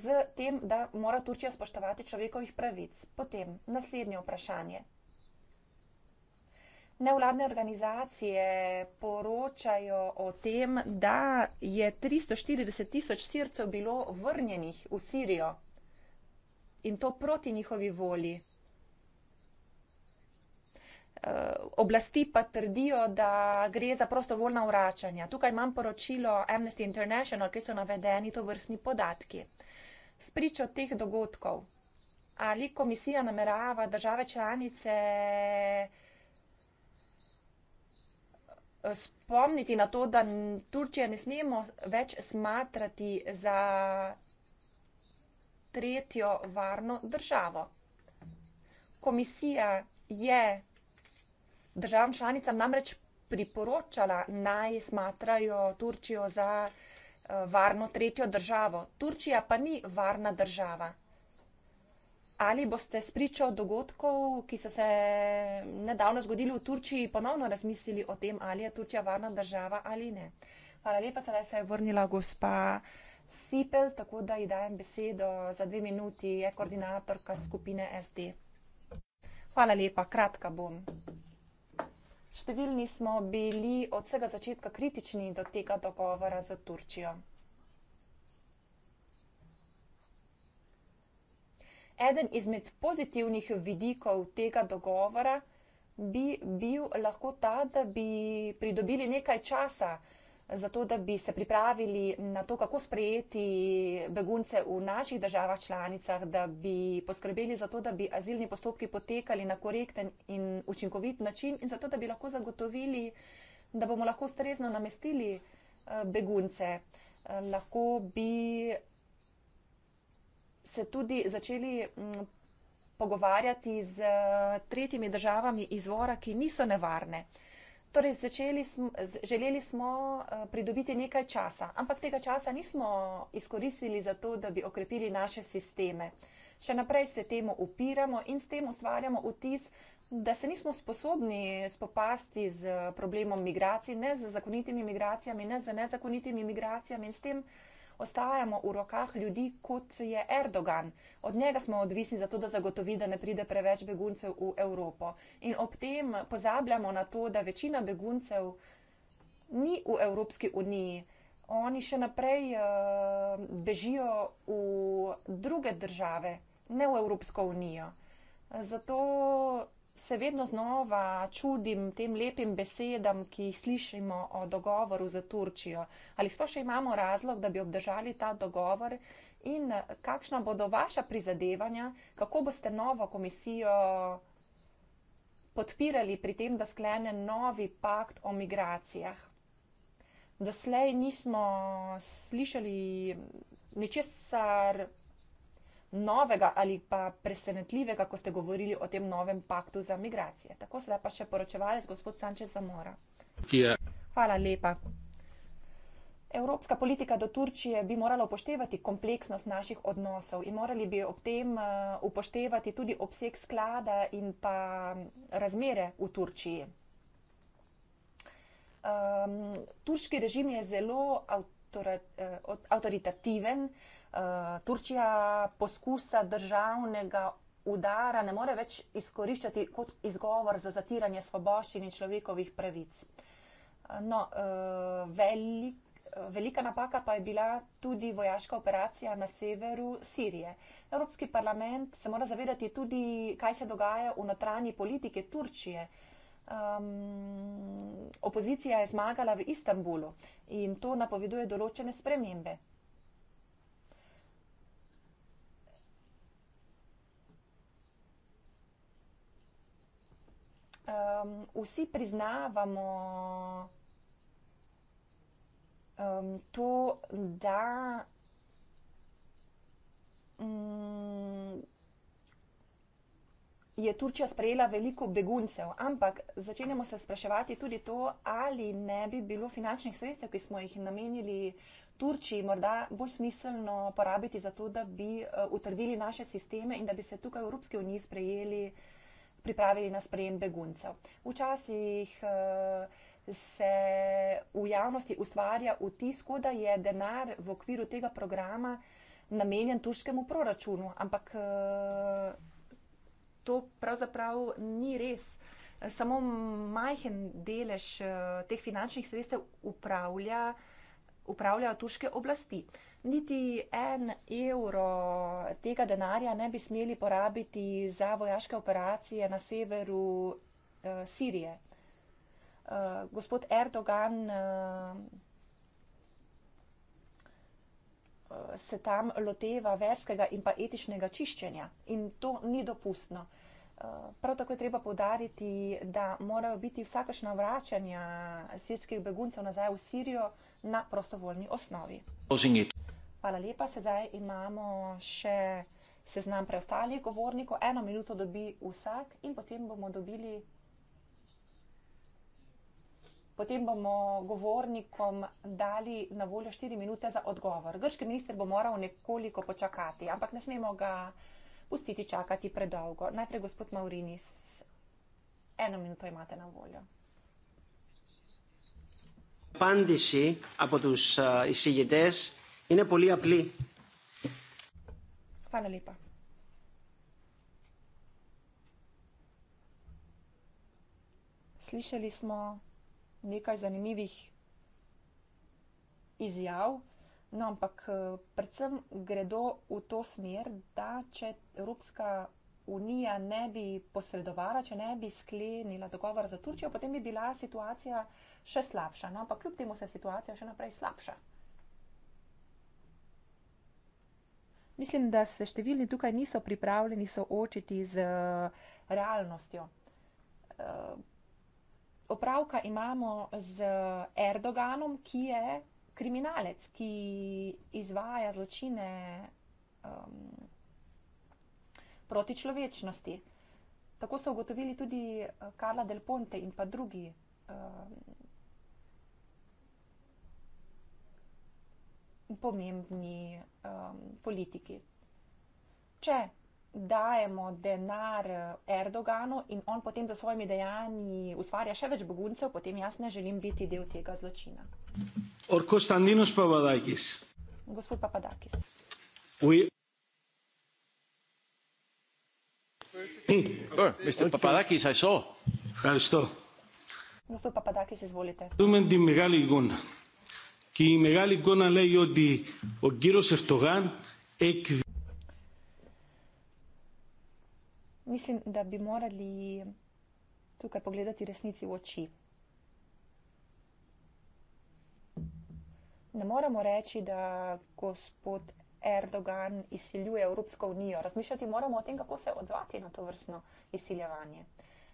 z eh, tem, da mora Turčija spoštovati človekovih pravic. Potem naslednje vprašanje. Nevladne organizacije poročajo o tem, da je 340 tisoč sircev bilo vrnjenih v Sirijo in to proti njihovi volji. Eh, oblasti pa trdijo, da gre za prostovoljna vračanja. Tukaj imam poročilo Amnesty International, kjer so navedeni to vrstni podatki. Spričo teh dogodkov, ali komisija namerava države članice Eh, spomniti na to, da Turčija ne smemo več smatrati za tretjo varno državo. Komisija je državam članicam namreč priporočala naj smatrajo Turčijo za eh, varno tretjo državo. Turčija pa ni varna država. Ali boste s pričo dogodkov, ki so se nedavno zgodili v Turčiji, ponovno razmislili o tem, ali je Turčija varna država ali ne? Hvala lepa, sedaj se je vrnila gospa Sipel, tako da ji dajem besedo za dve minuti, je koordinatorka skupine SD. Hvala lepa, kratka bom. Številni smo bili od vsega začetka kritični do tega dogovora z Turčijo. Eden izmed pozitivnih vidikov tega dogovora bi bil lahko ta, da bi pridobili nekaj časa za to, da bi se pripravili na to, kako sprejeti begunce v naših državah članicah, da bi poskrbeli za to, da bi azilni postopki potekali na korekten in učinkovit način in zato, da bi lahko zagotovili, da bomo lahko ustrezno namestili eh, begunce. Lahko bi se tudi začeli mm, pogovarjati z eh, tretjimi državami izvora, ki niso nevarne. Torej, začeli smo, želeli smo eh, pridobiti nekaj časa, ampak tega časa nismo izkoristili za to, da bi okrepili naše sisteme. Še naprej se temu upiramo in s tem ustvarjamo vtis, da se nismo sposobni spopasti z eh, problemom migracij, ne z zakonitimi migracijami, ne z nezakonitimi migracijami in s tem ostajamo v rokah ljudi, kot je Erdogan. Od njega smo odvisni za to, da zagotovi, da ne pride preveč beguncev v Evropo. In ob tem pozabljamo na to, da večina beguncev ni v Evropski uniji. Oni še naprej uh, bežijo v druge države, ne v Evropsko unijo. Zato se vedno znova čudim tem lepim besedam, ki jih slišimo o dogovoru za Turčijo. Ali sploh še imamo razlog, da bi obdržali ta dogovor in eh, kakšna bodo vaša prizadevanja, kako boste novo komisijo podpirali pri tem, da sklene novi pakt o migracijah. Doslej nismo slišali ničesar novega ali pa presenetljivega, ko ste govorili o tem novem paktu za migracije. Tako sedaj pa še poročevalec gospod Sanchez Zamora. Hvala lepa. Evropska politika do Turčije bi morala upoštevati kompleksnost naših odnosov in morali bi ob tem eh, upoštevati tudi obseg sklada in pa razmere v Turčiji. Um, turški režim je zelo avtora, uh, avtoritativen, uh, Eh, Turčija poskusa državnega udara ne more več izkoriščati kot izgovor za zatiranje svoboščin in človekovih pravic. Eh, no, eh, velik, velika napaka pa je bila tudi vojaška operacija na severu Sirije. Evropski parlament se mora zavedati tudi, kaj se dogaja v notranji politike Turčije. Um, opozicija je zmagala v Istanbulu in to napoveduje določene spremembe. um, vsi priznavamo um, to, da um, je Turčija sprejela veliko beguncev, ampak začenjamo se spraševati tudi to, ali ne bi bilo finančnih sredstev, ki smo jih namenili. Turčiji morda bolj smiselno porabiti za to, da bi eh, utrdili naše sisteme in da bi se tukaj v Evropski uniji sprejeli uh, pripravili na sprejem beguncev. Včasih eh, se v javnosti ustvarja vtis, da je denar v okviru tega programa namenjen turškemu proračunu, ampak eh, to pravzaprav ni res. Samo majhen delež eh, teh finančnih sredstev upravlja upravljajo turške oblasti. Niti en evro tega denarja ne bi smeli porabiti za vojaške operacije na severu eh, Sirije. Eh, gospod Erdogan eh, eh se tam loteva verskega in pa etičnega čiščenja in to ni dopustno. Prav tako je treba povdariti, da morajo biti vsakašna vračanja sirskih beguncev nazaj v Sirijo na prostovoljni osnovi. Hvala lepa, sedaj imamo še seznam preostalih govornikov. Eno minuto dobi vsak in potem bomo dobili. Potem bomo govornikom dali na voljo 4 minute za odgovor. Grški minister bo moral nekoliko počakati, ampak ne smemo ga pustiti čakati predolgo. Najprej gospod Maurinis, eno minuto imate na voljo. Απάντηση από τους uh, εισηγητέ είναι πολύ απλή. Παραλείπα. Σλίσελισμο νίκα ζανιμίβιχ. Ιζιάου, No, ampak eh, predvsem gredo v to smer, da če Evropska unija ne bi posredovala, če ne bi sklenila dogovor za Turčijo, potem bi bila situacija še slabša. No, ampak kljub temu se situacija še naprej slabša. Mislim, da se številni tukaj niso pripravljeni soočiti z eh, realnostjo. Eh, opravka imamo z Erdoganom, ki je kriminalec, ki izvaja zločine um, proti človečnosti. Tako so ugotovili tudi Karla eh, Del Ponte in pa drugi um, pomembni um, politiki. Če dajemo denar eh, Erdoganu in on potem za svojimi dejanji ustvarja še več beguncev, potem jaz ne želim biti del tega zločina. Orkostandinos Papadakis. Gospod Papadakis. We... Mr. Papadakis, I saw. Ευχαριστώ. Gospod Papadakis, izvolite. Δούμε τη μεγάλη εικόνα. Και η μεγάλη εικόνα λέει ότι ο κύριος Ερτογάν εκβιάζει. mislim, da bi morali tukaj pogledati resnici v oči. Ne moremo reči, da gospod Erdogan izsiljuje Evropsko unijo. Razmišljati moramo o tem, kako se odzvati na to vrstno izsiljevanje.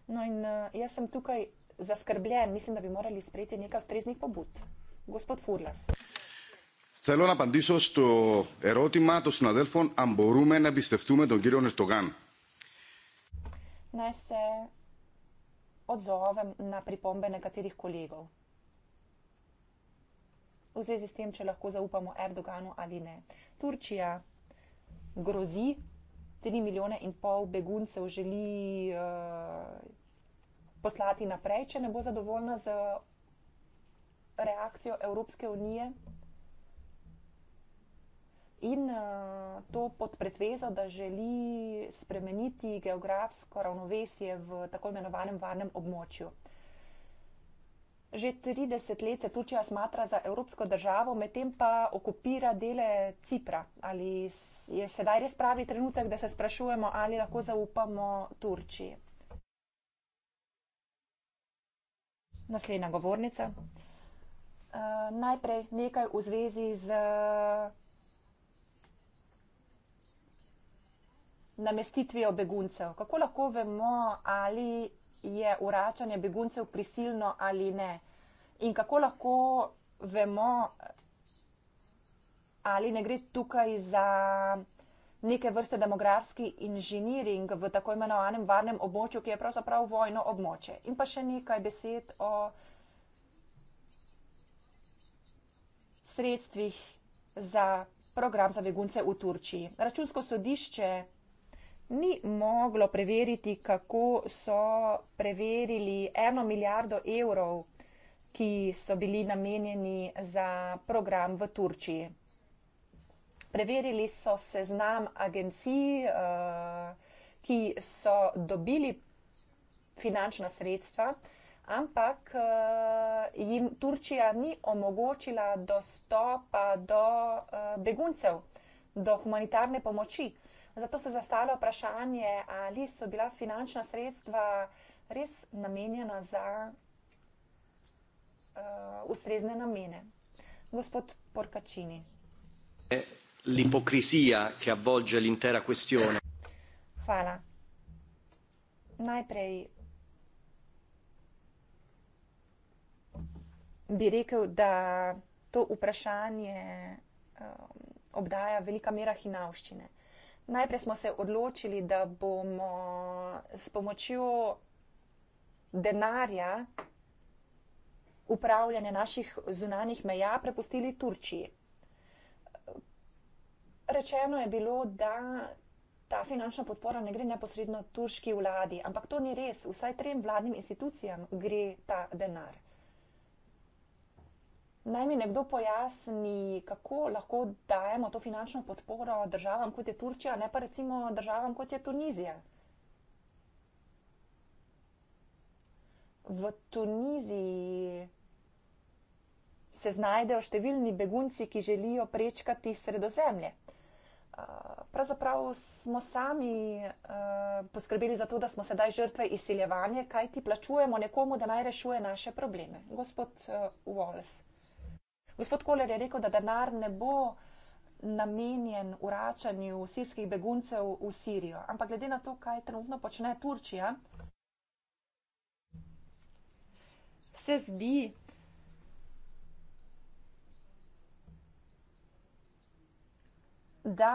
No in eh, jaz sem tukaj zaskrbljen. Mislim, da bi morali sprejeti nekaj ustreznih pobud. Gospod Furlas. Θέλω να απαντήσω στο ερώτημα των συναδέλφων αν μπορούμε να εμπιστευτούμε τον κύριο Ερτογάν naj se odzovem na pripombe nekaterih kolegov v zvezi s tem, če lahko zaupamo Erdoganu ali ne. Turčija grozi, 3 milijone in pol beguncev želi uh, poslati naprej, če ne bo zadovoljna z reakcijo Evropske unije in eh, to pod pretvezo, da želi spremeniti geografsko ravnovesje v tako imenovanem varnem območju. Že 30 let se Turčija smatra za evropsko državo, medtem pa okupira dele Cipra. Ali je sedaj res pravi trenutek, da se sprašujemo, ali lahko zaupamo Turčiji? Naslednja govornica. Uh, najprej nekaj v zvezi z namestitvijo beguncev. Kako lahko vemo, ali je uračanje beguncev prisilno ali ne? In kako lahko vemo, ali ne gre tukaj za neke vrste demografski inženiring v tako imenovanem varnem območju, ki je pravzaprav vojno območje. In pa še nekaj besed o sredstvih za program za begunce v Turčiji. Računsko sodišče ni moglo preveriti, kako so preverili eno milijardo evrov, ki so bili namenjeni za program v Turčiji. Preverili so seznam agencij, eh, ki so dobili finančna sredstva, ampak eh, jim Turčija ni omogočila dostopa do eh, beguncev, do humanitarne pomoči. Zato se zastalo vprašanje, ali so bila finančna sredstva res namenjena za uh, ustrezne namene. Gospod Porkačini. Eh, L'ipokrisija, ki obvolge l'intera questione. Hvala. Najprej bi rekel, da to vprašanje um, obdaja velika mera hinavščine najprej smo se odločili, da bomo s pomočjo denarja upravljanja naših zunanjih meja prepustili Turčiji. Rečeno je bilo, da ta finančna podpora ne gre neposredno turški vladi, ampak to ni res. Vsaj trem vladnim institucijam gre ta denar. Naj mi nekdo pojasni, kako lahko dajemo to finančno podporo državam kot je Turčija, ne pa recimo državam kot je Tunizija. V Tuniziji se znajdejo številni begunci, ki želijo prečkati sredozemlje. Pravzaprav smo sami poskrbeli za to, da smo sedaj žrtve izsiljevanja, kaj ti plačujemo nekomu, da naj rešuje naše probleme. Gospod Wallace. Gospod Koler je rekel, da denar ne bo namenjen uračanju sirskih beguncev v Sirijo. Ampak glede na to, kaj trenutno počne Turčija, se zdi, da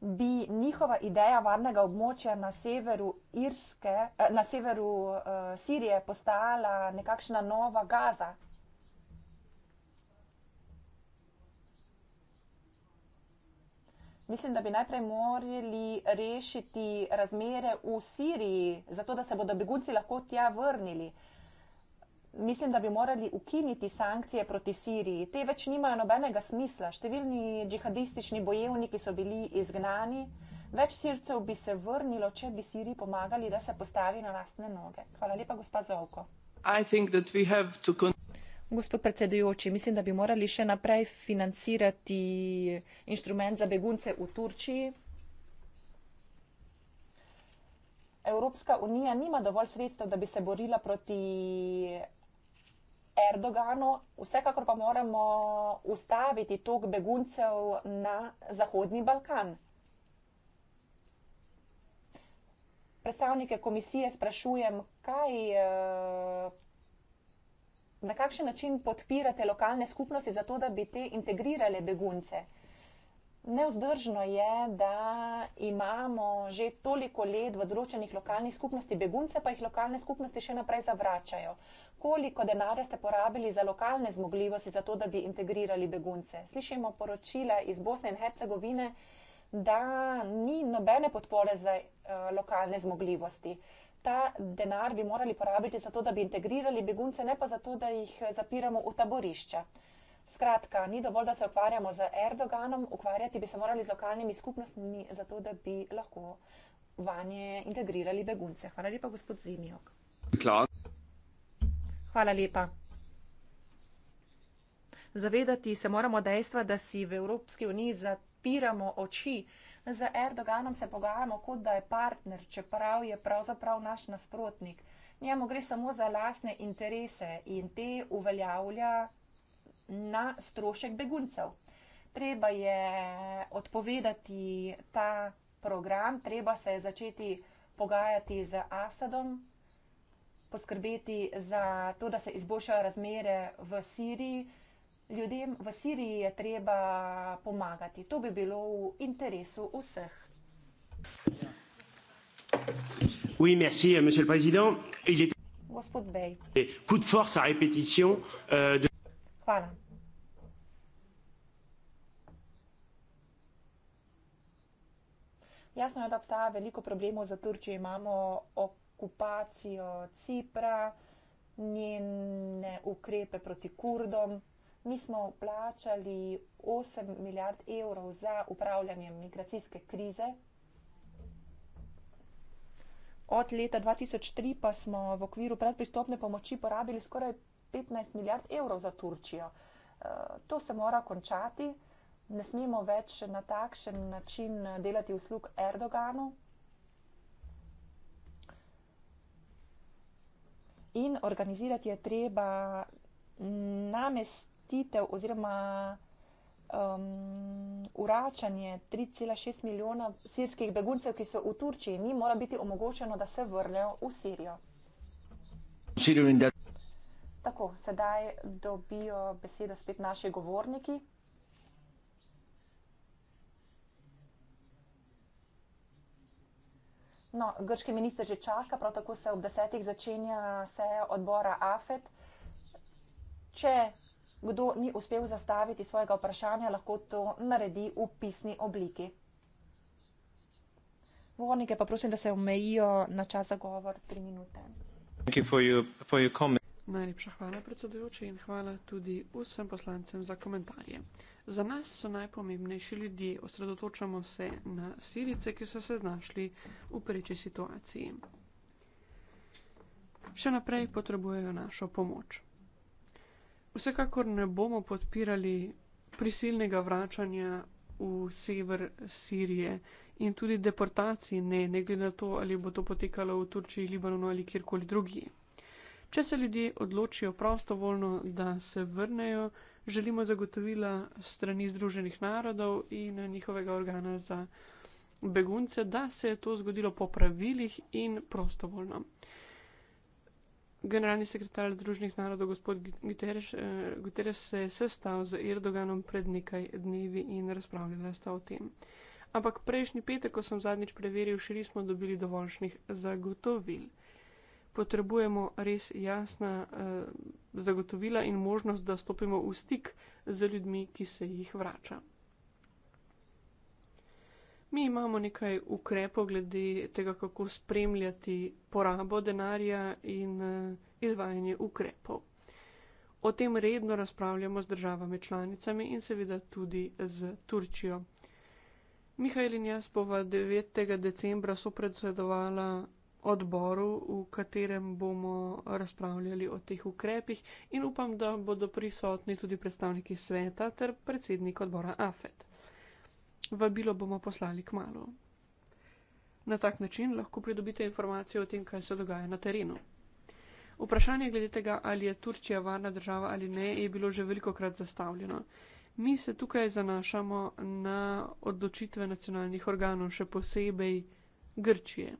bi njihova ideja varnega območja na severu, Irske, eh, na severu uh, Sirije postala nekakšna nova gaza. Mislim, da bi najprej morali rešiti razmere v Siriji, zato da se bodo begunci lahko tja vrnili. Mislim, da bi morali ukiniti sankcije proti Siriji. Te več nimajo nobenega smisla. Številni džihadistični bojevniki so bili izgnani. Več sircev bi se vrnilo, če bi Siriji pomagali, da se postavi na lastne noge. Hvala lepa, gospa Zovko. Gospod predsedujoči, mislim, da bi morali še naprej financirati inštrument za begunce v Turčiji. Evropska unija nima dovolj sredstev, da bi se borila proti Erdoganu. Vsekakor pa moramo ustaviti tok beguncev na Zahodni Balkan. Predstavnike komisije sprašujem, kaj. Uh, na kakšen način podpirate lokalne skupnosti, zato da bi te integrirale begunce. Neozdržno je, da imamo že toliko let v določenih lokalnih skupnosti begunce, pa jih lokalne skupnosti še naprej zavračajo. Koliko denarja ste porabili za lokalne zmogljivosti, zato da bi integrirali begunce? Slišimo poročila iz Bosne in Hercegovine, da ni nobene podpore za uh, lokalne zmogljivosti. Uh, ta denar bi morali porabiti za to, da bi integrirali begunce, ne pa za to, da jih eh, zapiramo v taborišča. Skratka, ni dovolj, da se ukvarjamo z Erdoganom, ukvarjati bi se morali z lokalnimi skupnostmi, zato da bi lahko vanje integrirali begunce. Hvala lepa, gospod Zimijok. Hvala lepa. Zavedati se moramo dejstva, da si v Evropski uniji zapiramo oči. Z Erdoganom se pogajamo, kot da je partner, čeprav je pravzaprav naš nasprotnik. Njemu gre samo za lasne interese in te uveljavlja na strošek beguncev. Treba je odpovedati ta program, treba se je začeti pogajati z Asadom, poskrbeti za to, da se izboljšajo razmere v Siriji ljudem v Siriji je treba pomagati. To bi bilo v interesu vseh. Oui, merci, euh, monsieur le président. Il est... Gospod Bej. Coup de force à répétition. Euh, de... Hvala. Jasno je, da obstaja veliko problemov za Turčijo. Imamo okupacijo Cipra, njene ukrepe proti Kurdom. Mi smo plačali 8 milijard evrov za upravljanje migracijske krize. Od leta 2003 pa smo v okviru predpristopne pomoči porabili skoraj 15 milijard evrov za Turčijo. Eh, to se mora končati. Ne smemo več na takšen način delati uslug Erdoganu. In organizirati je treba namest sprostitev oziroma um, uračanje 3,6 milijona sirskih beguncev, ki so v Turčiji, ni mora biti omogočeno, da se vrnejo v Sirijo. Tako, sedaj dobijo besedo spet naši govorniki. No, grški minister že čaka, prav tako se ob desetih začenja seja odbora AFET. Če kdo ni uspel zastaviti svojega vprašanja, lahko to naredi v pisni obliki. Govornike pa prosim, da se omejijo na čas za govor tri minute. Najlepša hvala predsedujoči in hvala tudi vsem poslancem za komentarje. Za nas so najpomembnejši ljudje, osredotočamo se na sirice, ki so se znašli v preči situaciji. Še naprej potrebujejo našo pomoč. Vsekakor ne bomo podpirali prisilnega vračanja v sever Sirije in tudi deportacij ne, ne glede na to, ali bo to potekalo v Turčiji, Libanonu ali kjerkoli drugi. Če se ljudje odločijo prostovoljno, da se vrnejo, želimo zagotovila strani Združenih narodov in njihovega organa za begunce, da se je to zgodilo po pravilih in prostovoljno. Generalni sekretar Združenih narodov, gospod Guterres, eh, Guterres, se je sestal z Erdoganom pred nekaj dnevi in razpravljal sta o tem. Ampak prejšnji petek, ko sem zadnjič preveril, še nismo dobili dovoljšnih zagotovil. Potrebujemo res jasna eh, zagotovila in možnost, da stopimo v stik z ljudmi, ki se jih vračamo. Mi imamo nekaj ukrepov glede tega, kako spremljati porabo denarja in eh, izvajanje ukrepov. O tem redno razpravljamo z državami članicami in seveda tudi z Turčijo. Mihajl in jaz bova 9. decembra sopredsedovala odboru, v katerem bomo razpravljali o teh ukrepih in upam, da bodo prisotni tudi predstavniki sveta ter predsednik odbora AFET. Vabilo bomo poslali k malu. Na tak način lahko pridobite informacije o tem, kaj se dogaja na terenu. Vprašanje glede tega, ali je Turčija varna država ali ne, je bilo že veliko krat zastavljeno. Mi se tukaj zanašamo na odločitve nacionalnih organov, še posebej Grčije.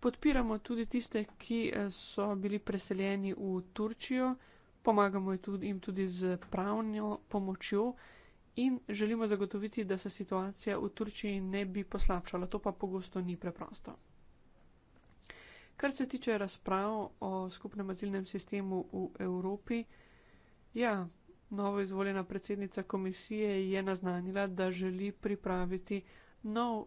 Podpiramo tudi tiste, ki eh, so bili preseljeni v Turčijo, pomagamo jim tudi z pravno pomočjo in želimo zagotoviti, da se situacija v Turčiji ne bi poslabšala. To pa pogosto ni preprosto. Kar se tiče razprav o skupnem azilnem sistemu v Evropi, ja, novo izvoljena predsednica komisije je naznanila, da želi pripraviti nov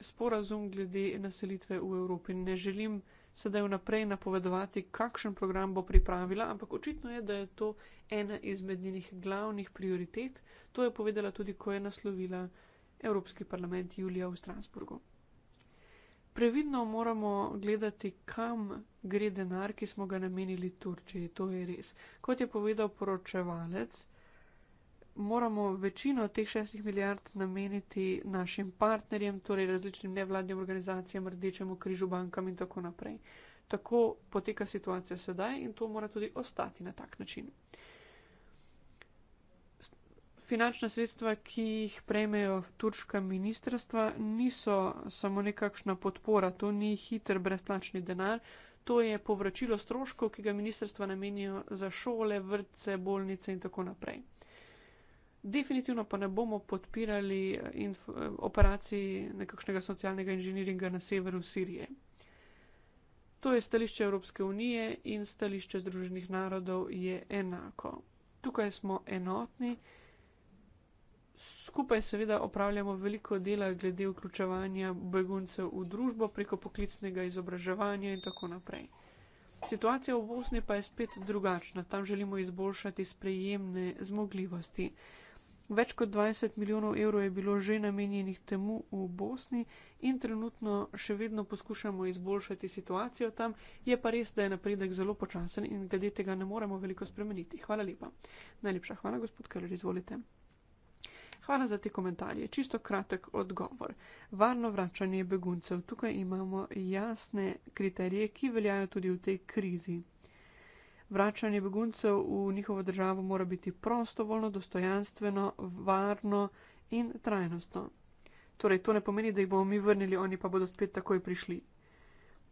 sporazum glede naselitve v Evropi. Ne želim sedaj vnaprej napovedovati, kakšen program bo pripravila, ampak očitno je, da je to ena izmed njenih glavnih prioritet. To je povedala tudi, ko je naslovila Evropski parlament Julija v Strasburgu. Previdno moramo gledati, kam gre denar, ki smo ga namenili Turčiji. To je res. Kot je povedal poročevalec, moramo večino teh šestih milijard nameniti našim partnerjem, torej različnim nevladnim organizacijam, rdečemu križu, bankam in tako naprej. Tako poteka situacija sedaj in to mora tudi ostati na tak način. Finančna sredstva, ki jih prejmejo turška ministrstva, niso samo nekakšna podpora, to ni hiter brezplačni denar, to je povračilo stroškov, ki ga ministrstva namenijo za šole, vrtce, bolnice in tako naprej definitivno pa ne bomo podpirali eh, eh, operacij nekakšnega socialnega inženiringa na severu Sirije. To je stališče Evropske unije in stališče Združenih narodov je enako. Tukaj smo enotni, skupaj seveda opravljamo veliko dela glede vključevanja beguncev v družbo preko poklicnega izobraževanja in tako naprej. Situacija v Bosni pa je spet drugačna, tam želimo izboljšati sprejemne zmogljivosti. Več kot 20 milijonov evrov je bilo že namenjenih temu v Bosni in trenutno še vedno poskušamo izboljšati situacijo tam. Je pa res, da je napredek zelo počasen in glede tega ne moremo veliko spremeniti. Hvala lepa. Najlepša hvala, gospod Karl, izvolite. Hvala za te komentarje. Čisto kratek odgovor. Varno vračanje beguncev. Tukaj imamo jasne kriterije, ki veljajo tudi v tej krizi. Vračanje beguncev v njihovo državo mora biti prostovoljno, dostojanstveno, varno in trajnostno. Torej, to ne pomeni, da jih bomo mi vrnili, oni pa bodo spet takoj prišli.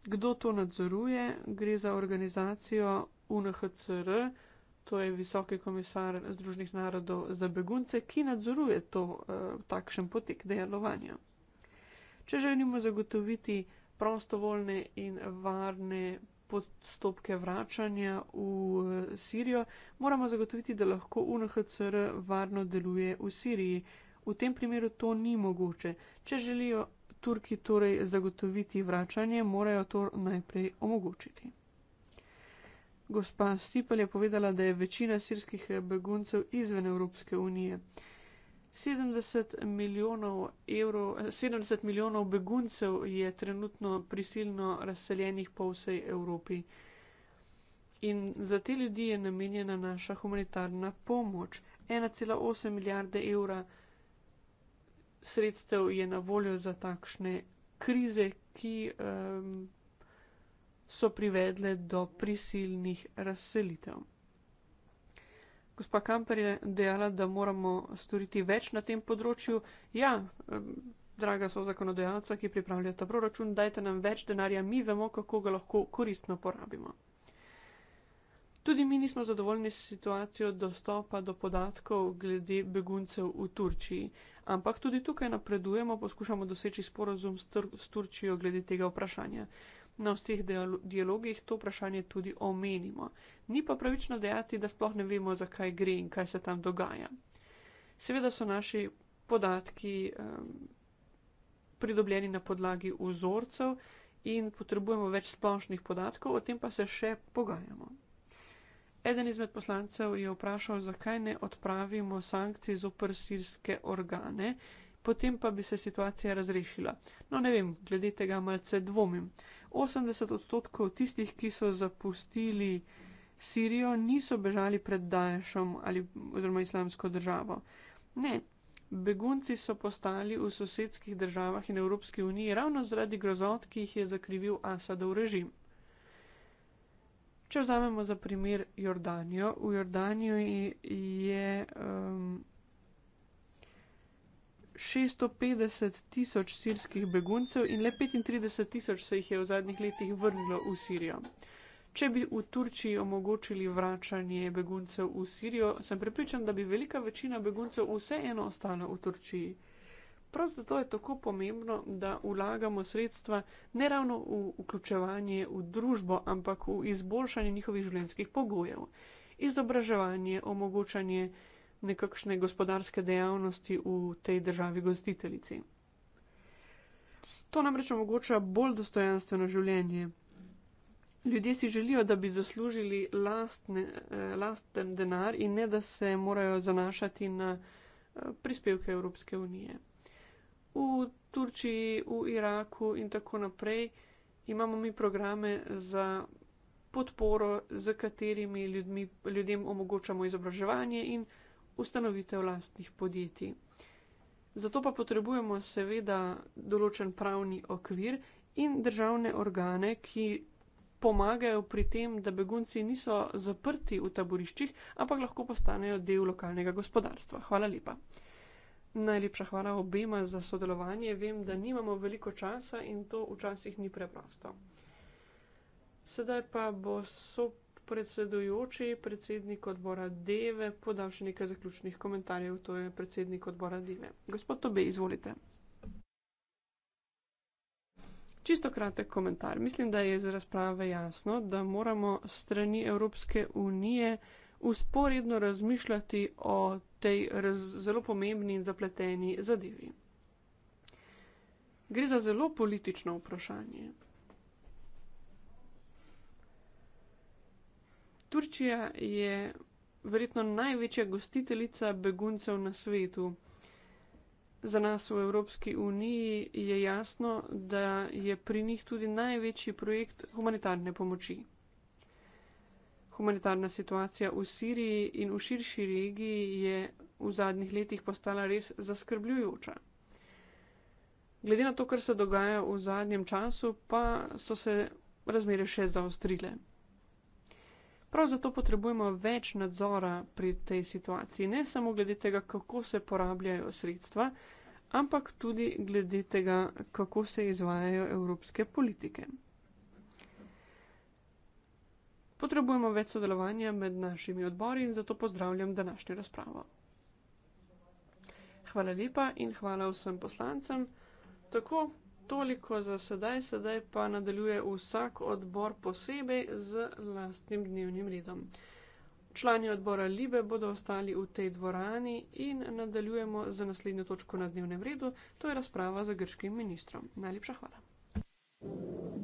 Kdo to nadzoruje? Gre za organizacijo UNHCR, to je Visoki komisar Združenih narodov za begunce, ki nadzoruje to, eh, takšen potek delovanja. Če želimo zagotoviti prostovoljne in varne postopke vračanja v eh, Sirijo, moramo zagotoviti, da lahko UNHCR varno deluje v Siriji. V tem primeru to ni mogoče. Če želijo Turki torej zagotoviti vračanje, morajo to najprej omogočiti. Gospa Stipel je povedala, da je večina sirskih eh, beguncev izven Evropske unije. 70 milijonov, evrov, 70 eh, milijonov beguncev je trenutno prisilno razseljenih po vsej Evropi. In za te ljudi je namenjena naša humanitarna pomoč. 1,8 milijarde evra sredstev je na voljo za takšne krize, ki um, so privedle do prisilnih razselitev. Gospa Kamper je dejala, da moramo storiti več na tem področju. Ja, draga so zakonodajalca, ki pripravlja ta proračun, dajte nam več denarja, mi vemo, kako ga lahko koristno porabimo. Tudi mi nismo zadovoljni s situacijo dostopa do podatkov glede beguncev v Turčiji, ampak tudi tukaj napredujemo, poskušamo doseči sporozum s, s Turčijo glede tega vprašanja na vseh dialogih to vprašanje tudi omenimo. Ni pa pravično dejati, da sploh ne vemo, zakaj gre in kaj se tam dogaja. Seveda so naši podatki um, pridobljeni na podlagi vzorcev in potrebujemo več splošnih podatkov, o tem pa se še pogajamo. Eden izmed poslancev je vprašal, zakaj ne odpravimo sankcij z oprsirske organe, potem pa bi se situacija razrešila. No, ne vem, glede tega malce dvomim. 80 odstotkov tistih, ki so zapustili Sirijo, niso bežali pred Daješom ali oziroma islamsko državo. Ne, begunci so postali v sosedskih državah in Evropski uniji ravno zaradi grozot, ki jih je zakrivil Asadov režim. Če vzamemo za primer Jordanijo, v Jordanijo je. Um, šeststo petdeset tisoč sirskih beguncev in le petintrideset tisoč se jih je v zadnjih letih vrnilo v Sirijo. Če bi v Turčiji omogočili vračanje beguncev v Sirijo, sem prepričan, da bi velika večina beguncev vseeno ostala v Turčiji. Prav zato je tako pomembno, da vlagamo sredstva ne ravno v vključevanje v družbo, ampak v izboljšanje njihovih življenjskih pogojev, izobraževanje, omogočanje nekakšne gospodarske dejavnosti v tej državi gostiteljici. To namreč omogoča bolj dostojanstveno življenje. Ljudje si želijo, da bi zaslužili lastne, eh, lasten denar in ne da se morajo zanašati na eh, prispevke Evropske unije. V Turčiji, v Iraku in tako naprej imamo mi programe za podporo, z katerimi ljudmi, ljudem omogočamo izobraževanje in izobraževanje ustanovitev vlastnih podjetij. Zato pa potrebujemo seveda določen pravni okvir in državne organe, ki pomagajo pri tem, da begunci niso zaprti v taboriščih, ampak lahko postanejo del lokalnega gospodarstva. Hvala lepa. Najlepša hvala obema za sodelovanje. Vem, da nimamo veliko časa in to včasih ni preprosto. Sedaj pa bo so predsedujoči, predsednik odbora Deve, podal še nekaj zaključnih komentarjev. To je predsednik odbora Deve. Gospod Tobe, izvolite. Čisto kratek komentar. Mislim, da je iz razprave jasno, da moramo strani Evropske unije usporedno razmišljati o tej zelo pomembni in zapleteni zadevi. Gre za zelo politično vprašanje. Turčija je verjetno največja gostiteljica beguncev na svetu. Za nas v Evropski uniji je jasno, da je pri njih tudi največji projekt humanitarne pomoči. Humanitarna situacija v Siriji in v širši regiji je v zadnjih letih postala res zaskrbljujoča. Glede na to, kar se dogaja v zadnjem času, pa so se razmere še zaostrile. Prav zato potrebujemo več nadzora pri tej situaciji, ne samo glede tega, kako se porabljajo sredstva, ampak tudi glede tega, kako se izvajajo evropske politike. Potrebujemo več sodelovanja med našimi odbori in zato pozdravljam današnjo razpravo. Hvala lepa in hvala vsem poslancem. Tako toliko za sedaj, sedaj pa nadaljuje vsak odbor posebej z lastnim dnevnim redom. Člani odbora Libe bodo ostali v tej dvorani in nadaljujemo z naslednjo točko na dnevnem redu, to je razprava z grškim ministrom. Najlepša hvala. Thank you.